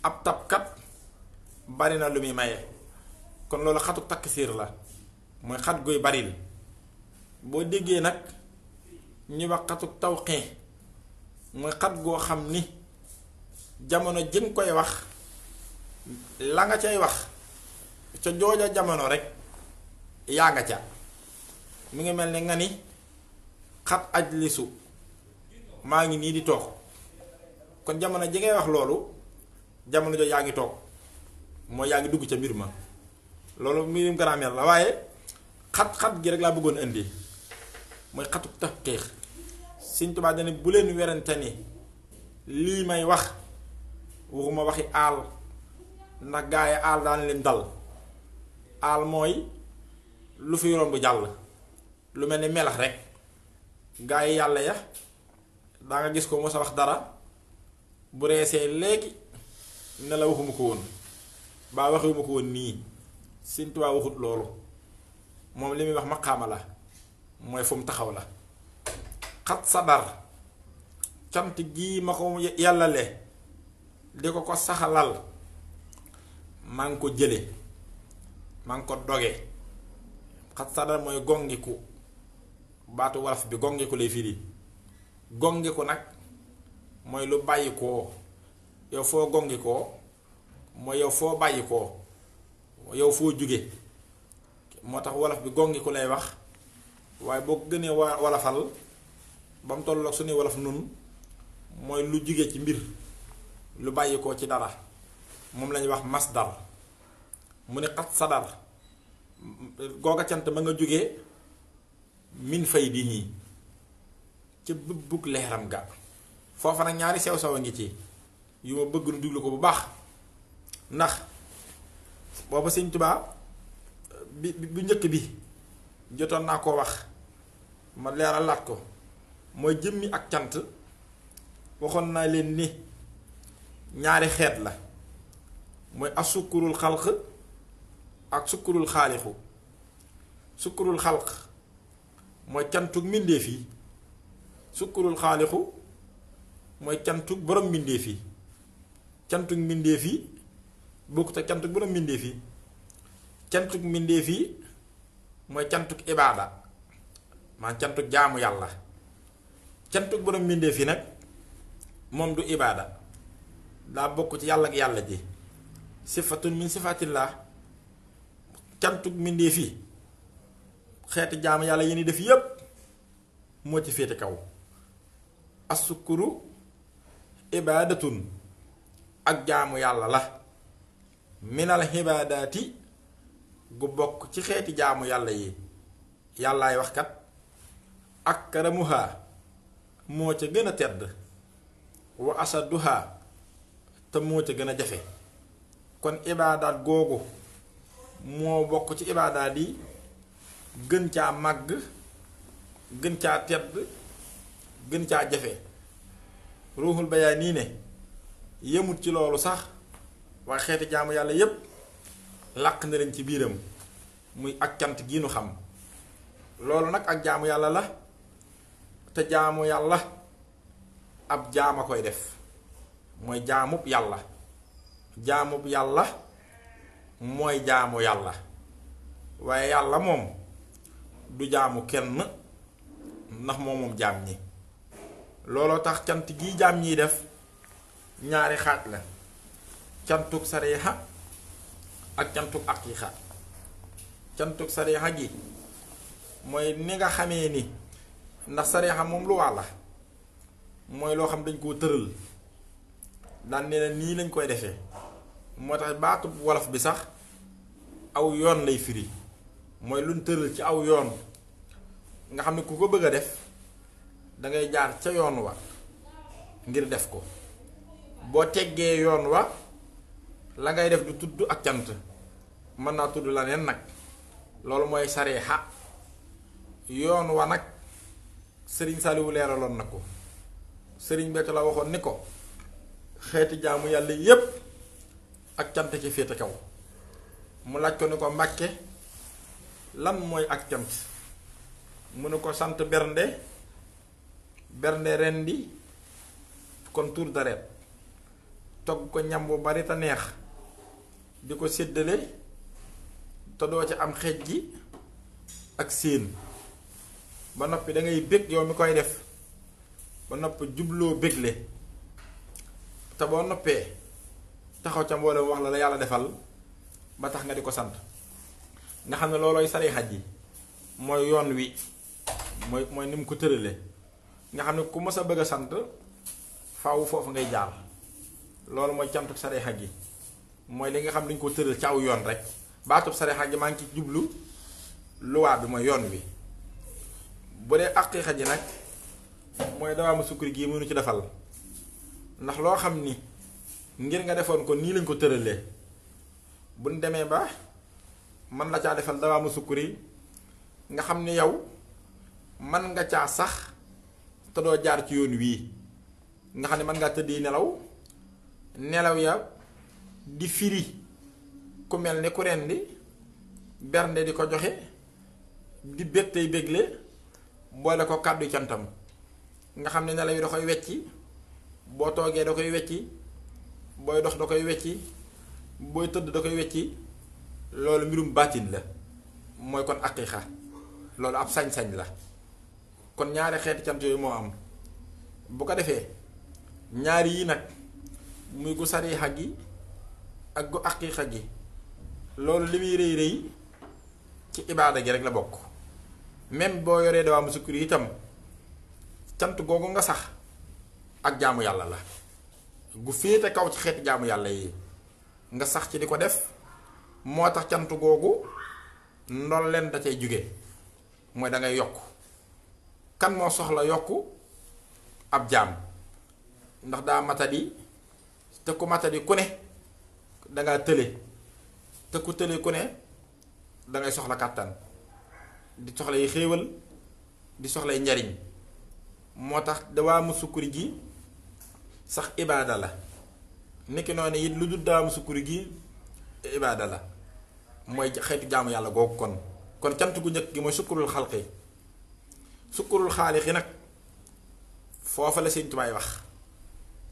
ab tabkat bari na lu muy maye kon loolu xatu taksiir la mooy xat guy baril boo déggee nag ñu wax xatuk tawqi mooy xat goo xam ni jamono ji koy wax la nga cay wax ca jooja jamono rek yaa nga ca mu ngi mel ni nga ni xat ajlisu maa ngi nii di toog kon jamono ji ngay wax loolu jamono jooju yaa ngi toog mooy yaa ngi dugg ca mbir ma loolu mbirum grammaire la waaye xat-xat gi rek laa bëggoon indi mooy xatu tahqiq Sëñ Tuubaa dana bu werante ni lii may wax waxuma waxi aal ndax gaa yi aal daan leen dal aal mooy lu fi romb jàll lu mel ni melax rek gaa yi yàlla ya daa gis ko mos a wax dara bu reesee léegi ne waxuma ko woon baa waxuma ko woon nii Sëñ Tuubaa waxut loolu moom li muy wax maqaama la mooy fu mu taxaw la xat sabar cant gii ma ko yàllale di ko ko saxalal maa ngi ko jële maa ngi ko doge xat sabar mooy gongiku baatu wolof bi gongiku lay firi gongiku nag mooy lu bàyyikoo koo foo gongi koo mooy yow foo bàyyikoo koo yow foo jóge moo tax wolof bi gongiku lay wax waaye boo ko wa walafal ba toll ak su juga walaf nun mooy lu jóge ci mbir lu bàyyi ko ci dara moom lañ wax masdar mu ne xat sadar googa cant ma nga jóge min fay di ñii ca bëbbug leeram ga foofa nag ñaari sew sew ngi ci yu ma bëgg nu diglu ko bu baax ndax booba sëñ bi bu njëkk bi jotoon naa wax ma leeralaat ko mooy jëmmi ak cant waxoon naa leen ni ñaari xeet la mooy as asukkurul xalq ak sukkurul xaalixu sukkurul xalq mooy cantuk mbindéef yi sukkurul xaalixu mooy cantuk borom mbindéef yi cantuk mbindéef yi bokkut ak cantuk borom mbindéef yi cantuk mbindéef yi mooy cantuk ibaada maanaam cantuk jaamu yàlla cantuk borom mbindéef yi nag moom du ibaada daa bokk ci yàlla ak yàlla ji sifatun min sifatillah cantuk mbindéef yi xeeti jaamu yàlla yi ni def yépp moo ci féete kaw asukuru ibaadatun ak jaamu yàlla la minal ibaadaati gu bokk ci xeeti jaamu yàlla yi yàllaay wax kat ak akramuhaa moo ca gën a tedd wa asadduhaa te moo ca gën a jafe kon ibaadaat googu moo bokk ci ibaadaat yi gën caa màgg gën caa tedd gën caa jafe ruuxul bayaan nii ne yemut ci loolu sax waa xeeti jaamu yàlla yépp làq na leen ci biiram muy ak cant gi nu xam loolu nag ak jaamu yàlla la te jaamu yàlla ab jaama koy def mooy jaamub yàlla jaamub yàlla mooy jaamu yàlla waaye yàlla moom du jaamu kenn ndax moomoom jaam ñi looloo tax cant gi jaam ñiy def ñaari xaaj la cantu sariixa ak cantu aqiiqa cantu sariixa gi mooy ni nga xamee ni ndax sareexa moom lu waa la mooy loo xam dañ koo tëral daan nee na nii lañ koy defee moo tax baatu wolof bi sax aw yoon lay firi mooy luñ tëral ci aw yoon nga xam ne ku ko bëgg a def dangay jaar ca yoon wa ngir def ko boo teggee yoon wa la ngay def du tudd ak cant mën naa tudd la neen nag loolu mooy sareexa yoon wa nag sëriñ Saliou leeraloon na ko sëriñ Béthio la waxoon ni ko xeeti jaamu yàlla yépp ak cant ci féete kaw mu laaj ko ni ko mbàkke lan mooy ak cant mu ne ko sant bernde bernde ren di kon tuur dareet togg ko ñam bu bari te neex di ko séddale te doo ci am xeej gi ak siin ba noppi da ngay bég yow mi koy def ba noppi jubloo bégle te boo noppee taxaw ca mboolem wax la la yàlla defal ba tax nga di ko sant nga xam ne loolooy sari xaj yi mooy yoon wi mooy mooy ni mu ko tërale nga xam ne ku mës a bëgg a sant faw foofu ngay jaar loolu mooy cantuk sari xaj yi mooy li nga xam dañ ko tëral ca aw yoon rek baatub sari xaj yi maa ngi ci jublu luwaa bi mooy yoon wi bu dee aqiiqa ji nag mooy dawaamu sukkuri gii mënu ci defal ndax loo xam ni ngir nga defoon ko nii lañ ko tëralee buñ demee ba man la caa defal dawaamu sukkuri nga xam ni yow man nga caa sax te doo jaar ci yoon wii nga xam ne mën ngaa tëddi nelaw nelaw ya di firi ku mel ni ku rendi bernde di ko joxe di bég tey bégle boole ko kàddu cantam nga xam ne nelaw yi da koy wecci boo toogee da koy wecci booy dox da koy wecci booy tëdd da koy wecci loolu mbirum baatin la mooy kon aqiiqa loolu ab sañ-sañ la kon ñaari xeeti cant yooyu moo am bu ko defee ñaari yi nag muy gu sariixa gi ak gu aqiiqa gi loolu li muy rëy rëy ci ibaada gi rek la bokk même boo yoree dawaamu sukkuri itam cant googu nga sax ak jaamu yàlla la gu féete kaw ci xeeti jaamu yàlla yi nga sax ci di def moo tax cant googu ndol leen da cay jóge mooy da ngay yokk kan moo soxla yokk ab jaam ndax daa matadi te ku matadi ku ne da ngaa tële te ku tële ku da ngay soxla kàttan di soxlay xéewal di soxlay njariñ moo tax dawaamu sukkuri gi sax ibaada la nekki noonu it lu dul dawaamu sukkuri gi ibaada la mooy xeetu jaamu yàlla googu kon kon cant gu njëkk gi mooy sukkurul xalqi sukkurul xaalixi nag foofa la Sëñ Tuubaa wax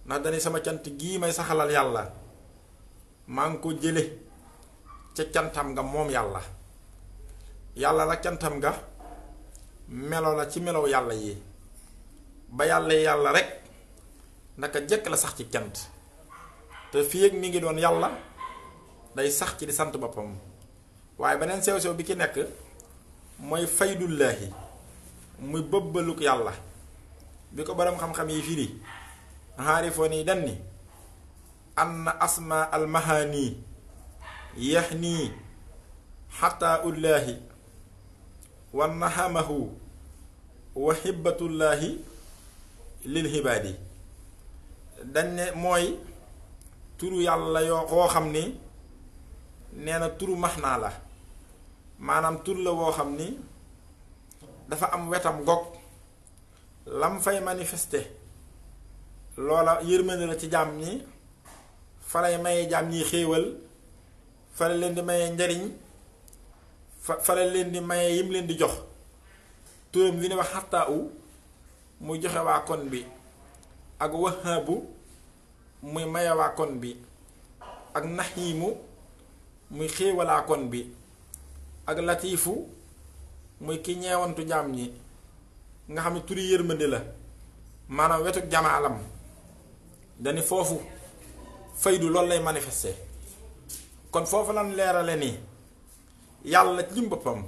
ndax dañuy sama cant gi may saxalal yàlla maa ngi ko jële ca cantam nga moom yàlla yàlla la cantam nga melo la ci melow yàlla yi ba yàlla yàlla rek naka jëkk la sax ci cant te fii ak mi ngi doon yàlla day sax ci di sant boppam waaye beneen sew sew bi ci nekk mooy faydullaahi muy bëbbaluk yàlla bi ko boroom xam-xam yi firi xaarifoon yi danni ann asma almahaani yax nii xataa ullaahi ونحمه وحبة الله للعباد dañ ne mooy turu yàlla yoo woo xam ni nee na turu max naa la maanaam tur la woo xam ni dafa am wetam gog lam fay manifester loola yërmande la ci jaam ñi fa lay maye jaam ñi xéewal fa la leen di maye njariñ fa fale leen di maye yim leen di jox turam li ne wax xattaa u muy joxe waa kon bi ak wahaabu muy maye waa kon bi ak naxiimu muy xéewalaa kon bi ak latiifu muy ki ñeewantu jaam yi nga xam ne turi yërmande la maanaam wetu jamaalam dani foofu faydu loolu lay manifester kon foofu lan leerale nii yàlla ci boppam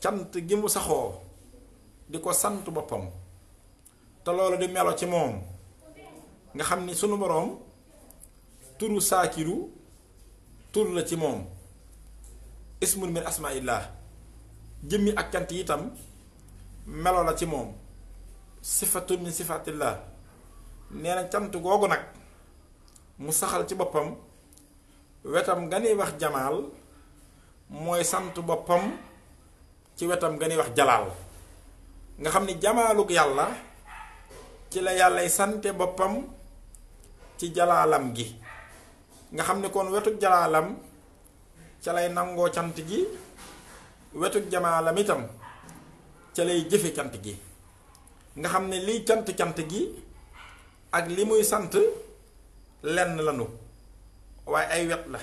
cant gi mu saxoo di ko sant boppam te loolu di melo ci moom nga xam ni sunu boroom turu saakiru tur la ci moom ismun min asmaillah jëmmi ak cant yi itam melo la ci moom sifatun min sifatillah nee na cant googu nag mu saxal ci boppam wetam nga nuy wax jamaal mooy sant boppam ci wetam nga ni wax jalaal nga xam ni jamaaluk yàlla ci la yàllay sante boppam ci jalaalam gi nga xam ni kon wetu jalaalam ca lay nangoo cant gi wetu jamaalam itam ca lay jëfe cant gi nga xam ne liy cant-cant gi ak li muy sant lenn lanu waaye ay wet la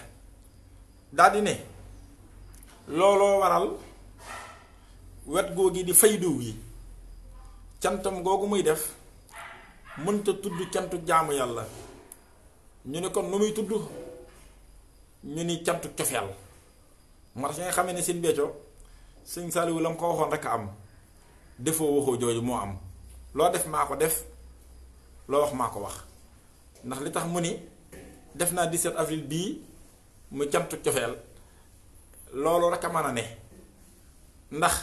daldi ne looloo waral wet googi di fay fayduw yi cantam googu muy def mënta tudd cantu jaamu yàlla ñu ne kon nu muy tudd ñu ni cantu cofeel marché nga xamee ne seen becco sëñ Saliou la mu ko waxoon rek a am defoo waxoo jooju moo am loo def maa ko def loo wax maa ko wax ndax li tax mu ni def naa 17 avril bii mu cantu cofeel loolu rek a mën a ne ndax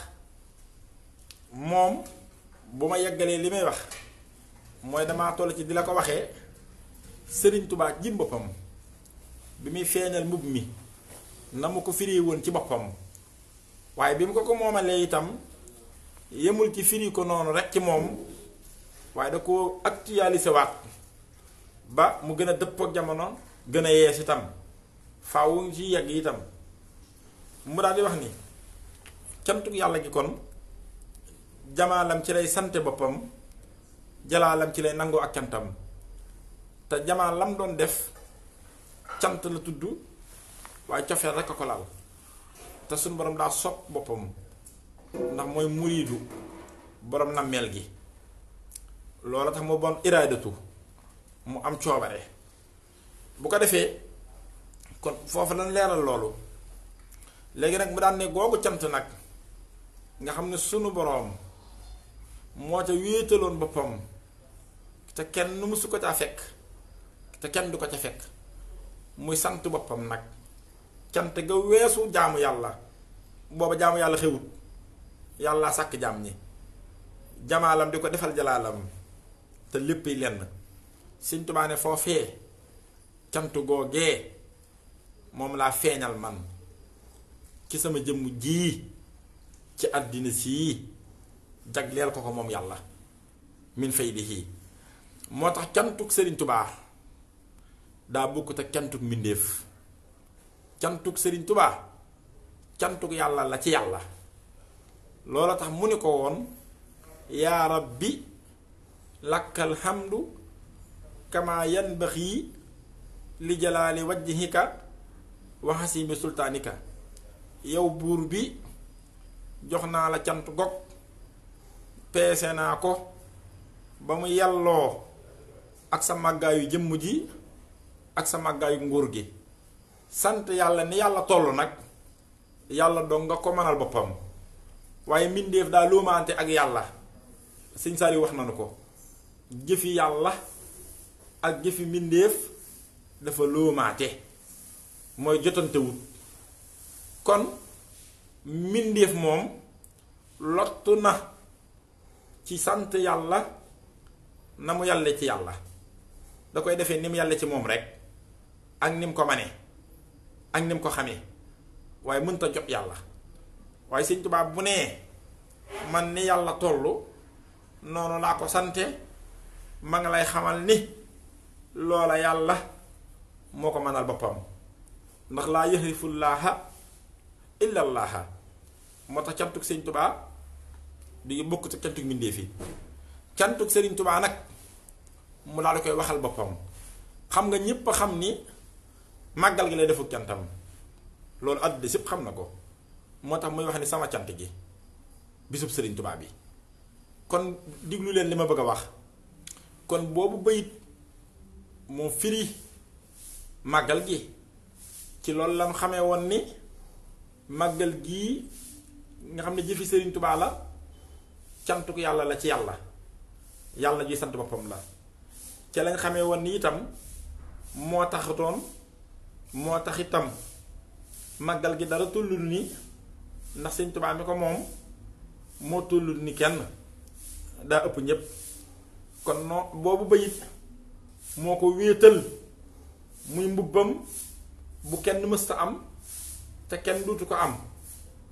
moom bu ma yeggalee li may wax mooy dama toll ci di la ko waxee sëriñ Tuubaa jim boppam bi muy feeñal mbubb mi na mu ko firi woon ci boppam waaye bi mu ko ko moomalee itam yemul ci firi ko noonu rek ci moom waaye da ko actualisé waat ba mu gën a dëppook jamono gën a yees itam faaw ngi ci yegg itam mu daal di wax ni cantu yàlla gi kon jamaalam ci lay sante boppam jalaalam ci lay nangoo ak cantam te jamaalam doon def cant la tudd waaye cofeel rekk a ko laal te suñ borom daa sopp boppam ndax mooy muriidu boroom nammeel gi loola tax mu bon iraadatu mu am coobare bu ko defee kon foofu lañ leeral loolu léegi nag mu daan ne googu cant nag nga xam ne sunu boroom moo ca wéetaloon boppam te kenn nu mu su ko caa fekk te kenn du ko ca fekk muy sant boppam nag cant ga weesu jaamu yàlla booba jaamu yàlla xewut yàlla sàkk jaam ñi jamaalam di ko defal jalaalam te lépp lenn Sëñ Tuubaa ne foofee cant googee moom laa feeñal man ci sama jëm ji ci adina si jagleel ko ko mom yalla min faydihi motax tax cantuk sëriñ tubaa daa bokkut ak cantuk mbindéef cantuk sëriñ tubaa cantuk yalla la ci yalla lola tax muniko won ya rabbi lakal hamdu kama yanbaghi li jalali wajhika wa hasibi sultanika yow buur bi joxna la cant gog peese na ko ba mu yàlloo ak sa yu jëm ji ak sa màggaayu nguur gi sant yalla ni yalla tollu nak yalla do nga ko mënal boppam waaye mbindeef daa loomaante ak yalla seigne Saali wax nañu ko jëfi yalla ak jëfi mindeef dafa moy jotante wut kon mbindeef moom lottu na ci sant yàlla na mu yàlla ci yàlla da koy defe ni mu yàlla ci moom rekk ak ni mu ko manee ak ni mu ko xamee waaye mënta jot yàlla waaye sëñ Tuubaa bu nee man ni yàlla tollu noonu laa ko sante ma nga lay xamal ni loola yàlla moo ko mënal boppam ndax laa yaxrifullaaha illallaaha moo tax cantuk sëñ tubaa di bokk ci cantuk mbindéef yi cantuk sëriñ tubaa nag mu daal di koy waxal boppam xam nga ñépp a xam ni màggal gi lay defuk cantam loolu àdduna sépp xam na ko moo tax muy wax ni sama cant gi bisub sëriñ tubaa bi kon diglu leen li ma bëgg a wax kon boobu bayit moo firi màggal gi ci loolu la mu xamee woon ni màggal gii nga xam ne jëfi Serigne tubaa la cantuk yàlla la ci yàlla yàlla juy sant boppam la ca lañ xame woon ni itam moo taxatoon moo taxitam itam màggal gi dara tullul ni ndax Serigne Touba mi ko moom moo tullul ni kenn daa ëpp ñépp kon noo boobu bayit moo ko wéetal muy mbubbam bu kenn mësta am te kenn dutu ko am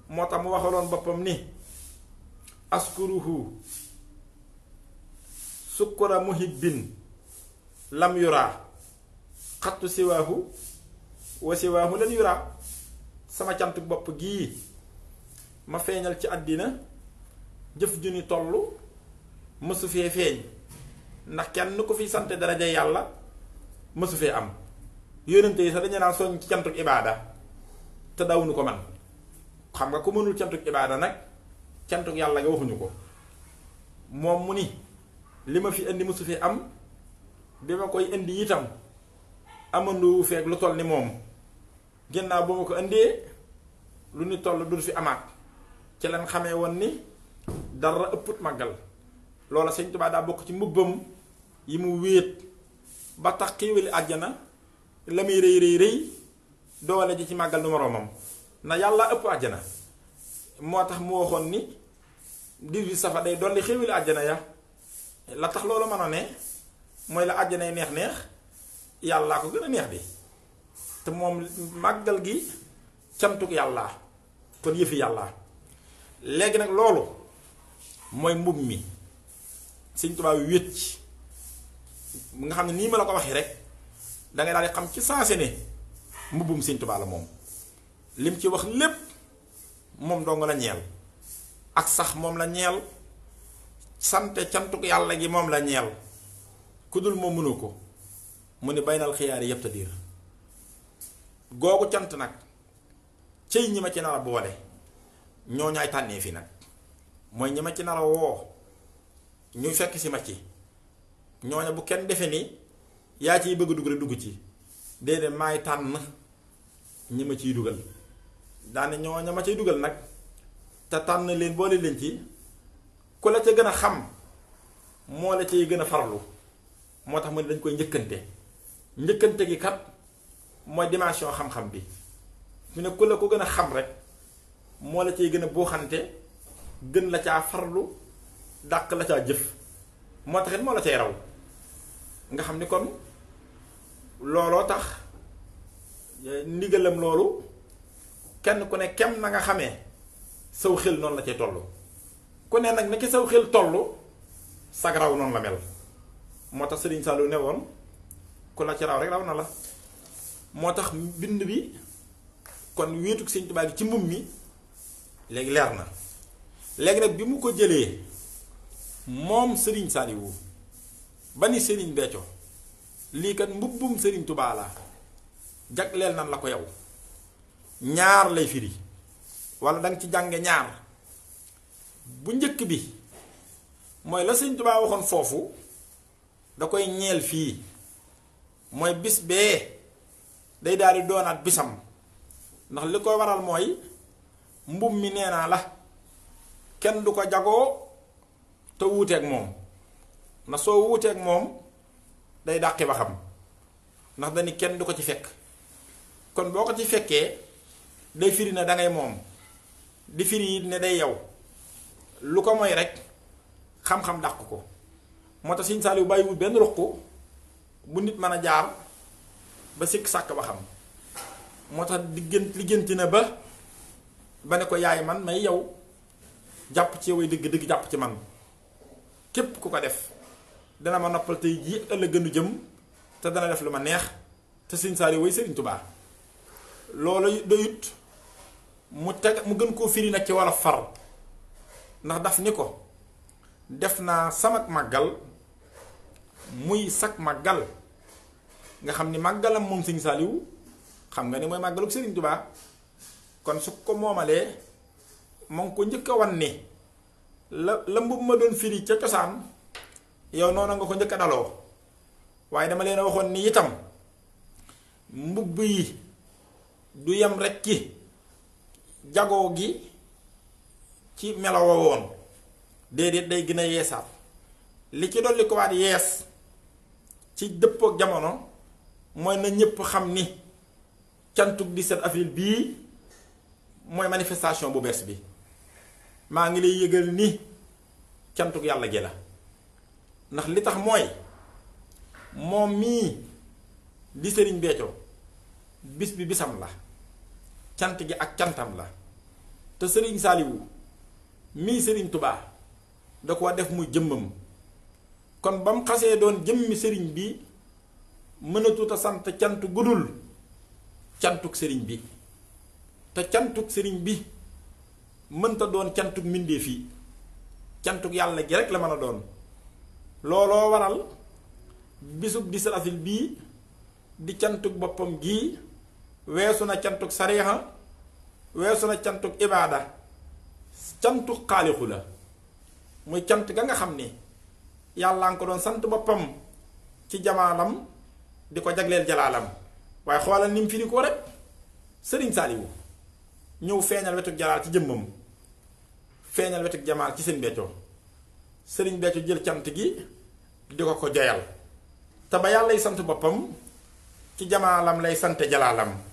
moo tax mu waxaloon boppam ni askuruhu sukura muhibbin lam yura, xattu siwaahu wa siwaahu lan yura sama cantik bopp gii ma feeñal ci àddina jëf juni tollu toll mësu fee feeñ ndax kenn ko fi sante daraja yàlla mësu fee am yónnante yi sax dañu naan soñ ci cantuk ibaada te daawuñu ko man xam nga ko mënul cantuk ibaada nag cantuk yàlla nga waxuñu ko moom mu ni li ma fi indi musu fi am bi ma koy indi itam amanduwu feeg lu toll ni moom ginnaaw ba ma ko indee lu ni toll dul fi amaat ci lañ xamee woon ni dara ëpput màggal loola sëñ Tuubaa daa bokk ci mbubbam yi mu wéet ba tax xiiwali àjjana la muy rëy rëy doole ji ci màggal numéro moroomam na yàlla ëpp àjjana moo tax mu waxoon ni dix bi safa day dolli xéwil àjjana ya la tax loolu mën a ne mooy la àjjanay neex-neex yalla ko gën a neex bi te moom màggal gi cantuk yàlla kon yëfi yàlla léegi nag loolu mooy mbub mi sëñ Tuubaa wéet ci nga xam ne nii ma la ko waxee rek da ngay daal xam ci sensé ne mbubbum sëñ Tuubaa moom lim ci wax lépp moom dong la ñeel ak sax moom la ñeel sante cantuk yàlla gi moom la ñeel ku dul moo mënul ko mu ni baynal xiyaari yëpp ta diir googu cant nag cëy ñi ma ci nar boole ñoo ñaay tànnee fi nag mooy ñi ma ci nar woo ñu fekk si ma ci ñooñu bu kenn defe ni yaa ciy bëgg dugg rek dugg ci déedéet maay tànn ñi ma ciy dugal daane ñoo ña ma ciy dugal nag te tànn leen boole leen ci ku la ca gën a xam moo la cay gën a faralu moo tax ma ne dañ koy njëkkante njëkkante gi kat mooy dimension xam-xam bi mu ne ku la ko gën a xam rek moo la cay gën a buuxante gën la caa faralu dàq la caa jëf moo tax it moo la cay raw nga xam ni kon looloo tax Euh, ndigalam loolu kenn ku ne kem na nga xamee saw xel noonu la ci toll ku ne nag na ci saw xel toll sag raw noonu la mel moo tax Sëriñ Saalu ne woon ku la ci raw rek raw na la moo tax bind bi kon wéetug Sëriñ Tuubaa gi ci mbubb mi léegi leer na léegi nag bi mu ko jëlee moom Sëriñ Saaliwu ba ni Sëriñ Becco lii mbubbum Sëriñ Tuubaa la jagleel na la ko yow ñaar lay firi walla danga ci jànge ñaar bu njëkk bi mooy la sëñ Tuubaa waxoon foofu da koy ñeel fii mooy bis bee day daal di doonaat bisam ndax li ko waral mooy mbubb mi nee naa la kenn du ko jagoo te wuuteeg moom na soo wuuteeg moom day dàqi ba ndax dañi kenn du ko ci fekk kon boo ko ci fekkee day firi ne da ngay moom di firi it ne day yow lu ko moy rek xam-xam dàq ko moo tax Sëñ Saaliw bàyyiwul benn ruq bu nit mën a jaar ba sëkk sàkk ba xam moo tax diggante na ba ba ne ko yaay man may yow jàpp ci yow dëgg dëgg jàpp ci man képp ku ko def dana ma noppal te jii ëllëg gënu jëm te dana def lu ma neex te Sëñ Saaliw way Sëriñ Tubaa loola doyut mu teg mu gën koo firi nag ci walla far ndax daf ni ko def naa samak màggal muy sak màggal nga xam ni màggalam moom sëñ Saliou xam nga ni mooy màggalu Sëriñ Tubaa kon su ko moomalee ma ko njëkk a wan ni la la mbubb ma doon firi ca cosaan yow noonu nga ko njëkk daloo waaye dama leen a waxoon ni itam mbubb yi du yem rek ci jagoo gi ci melawa woon déedéet day gën a yeesaat li ci dolli ko waat yees ci dëppook jamono mooy na ñëpp xam ni cantug 17 avril bii mooy manifestation bu bees bi maa ngi lay yëgal ni cantuk yàlla gi la ndax li tax mooy moom mii di Sëriñ Béthio bis bi bisam la cant gi ak cantam la te sëriñ saaliwu mii sëriñ tubaa da ko def muy jëmmam kon bam mu xasee doon jëmmi sëriñ bi mënatut a sant cant gudul cantuk sëriñ bi te cantuk sëriñ bi mënta doon cantuk mbindéef yi cantuk yàlla gi rek la mën a doon looloo waral bisub di salafil bii di cantuk boppam gii weesu na cantuk sariixa weesu na cantuk ibaada cantuk xaalixu la muy cant ga nga xam ni yàllaa nga ko doon sant boppam ci jamaalam di ko jagleel jalaalam waaye xoolal ni mu firi ko rek sëriñ saaliwu ñëw feeñal wetuk jalaal ci jëmmam feeñal wetuk jamaal ci seen becco sëriñ becco jël cant gi di ko ko joyal te ba yàlla lay sant boppam ci jamaalam lay sant jalaalam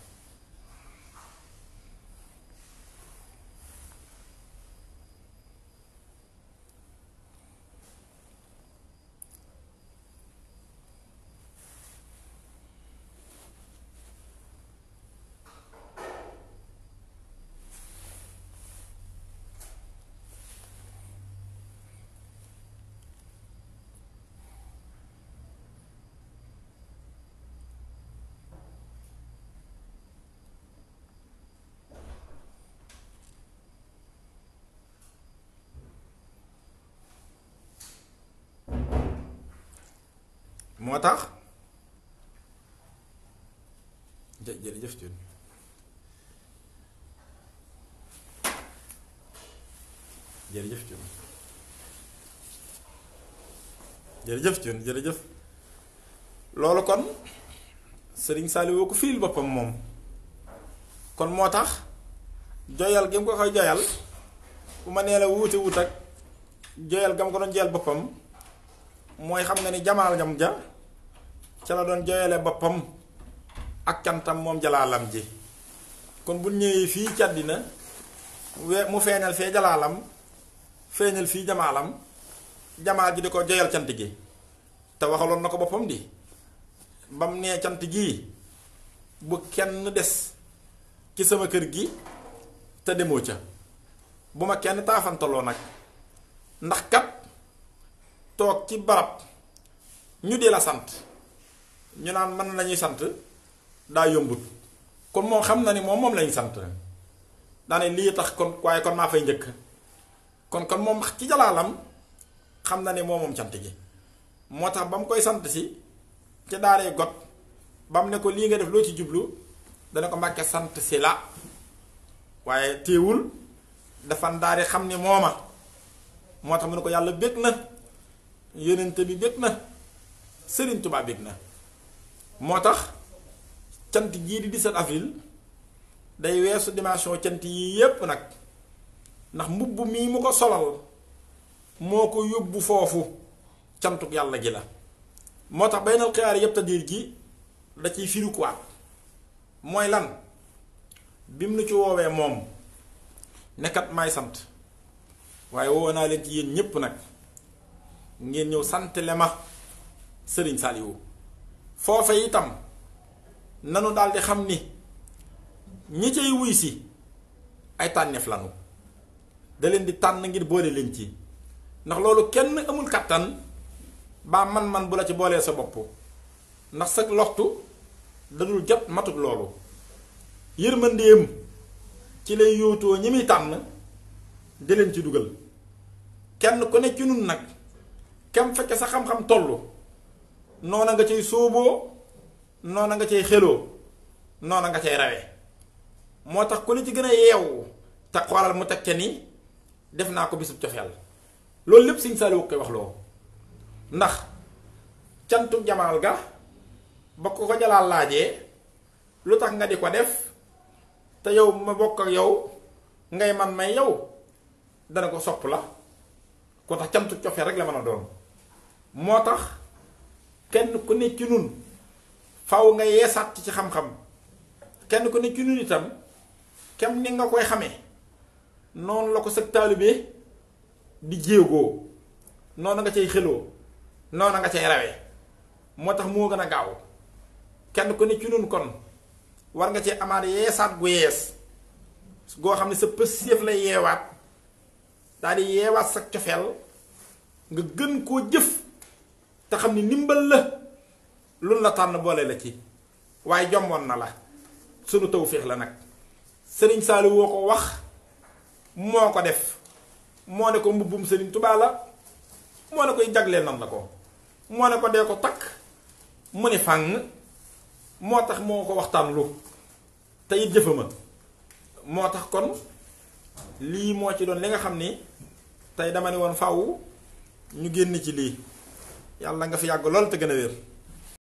moo tax jë jërëjëf jën jërëjëf jën jërëjëf loolu kon sëriñ Saliou ko fiil boppam moom kon moo tax joyal gi mu ko koy joyal bu ma nee la wuute wut ak joyal gam ko doon joyal boppam mooy xam na ni jamaal jam ja ci la doon joyale boppam ak cantam moom jalaalam ji kon bu ñëwee fii ci àddina mu feeñal fee jalaalam feeñal fii jamaalam jamaal ji di ko joyal cant gi te waxaloon na ko di bam nee cant nedes, bu kenn des ci sama kër gi te demoo ca bu ma kenn taafantaloo nag ndax kat toog ci barab ñu di la sant ñu naan man lañuy sant daa yombut kon moom xam na ni moom moom lañuy sant daane lii tax kon waaye kon maa fay njëkk kon kon moom ci jalaalam xam na ni moom moom sant ji moo tax ba mu koy sant si ca daaree got ba mu ne ko lii nga def loo ci jublu dana ko mbàkke sant si la waaye téewul dafa ndaari xam ni mooma moo tax mu ne ko yàlla bég na yónnente bi bég na sëriñ Tuubaa bég na moo tax cant jii di 17 avril day weesu dimension cant yii yépp nag ndax mbubb mii mu ko solal moo ko yóbbu foofu cantuk yàlla gi la moo tax baynal xiyaar yépp taddiir gi da ciy firikuwaat mooy lan bim nu ci woowee moom nekkat may sant waaye woo naa leen ci yéen ñépp nag ngeen ñëw santale ma sëriñ Saliou foofe itam nanu daal di xam ni ñi ciy wuyu si ay tànneef lanu da leen di tànn ngir boole leen ci ndax loolu kenn amul kàttan baa man-man bu la ci boolee sa bopp ndax sag loxtu dadul jot matut loolu yërmandeem ci lay yootoo ñi muy tànn di leen ci dugal kenn ku ne ci nun nag kem fekke sa xam-xam tollu noona nga cay sóoboo noona nga cay xeloo noona nga cay rawe, moo tax ku li ci gën a yeewu te xoolal mu teg ca ni def naa ko bisub cofeel loolu lépp siñ saali koy wax loo ndax cantu jamaal ga ba ko ko jalaal laajee lu nga di ko def te yow ma bokk ak yow ngay man may yow dana ko sopp la ko tax cantu cofeel rek la mën doon moo kenn ku ne ci nun faaw nga yeesat ci xam-xam kenn ku ne ci nun itam kem ni nga koy xamee non la ko sag talibé di jéegoo non nga cey xeloo non nga cey rawé motax mo gëna gaaw kenn ku ne ci nun kon war nga ci amaat yeesat gu yees go xamni ne sa pësséef lay yeewaat dal di yeewaat ci fel nga gën ko jëf te xam ni ndimbal la lun la tànn boole la ci waaye jomboon na la sunu tawféex la nag sëriñ Saaliw woo ko wax moo ko def moo ne ko mbubbum sëriñ Tubaa la moo ne koy jagleel nan la ko moo ne ko dee ko takk mu ne fàng moo tax moo ko waxtaan lu te jëfama moo tax kon lii moo ci doon li nga xam ni tey dama ne woon faaw ñu génn ci lii yalla nga fi yàgg lool te gën a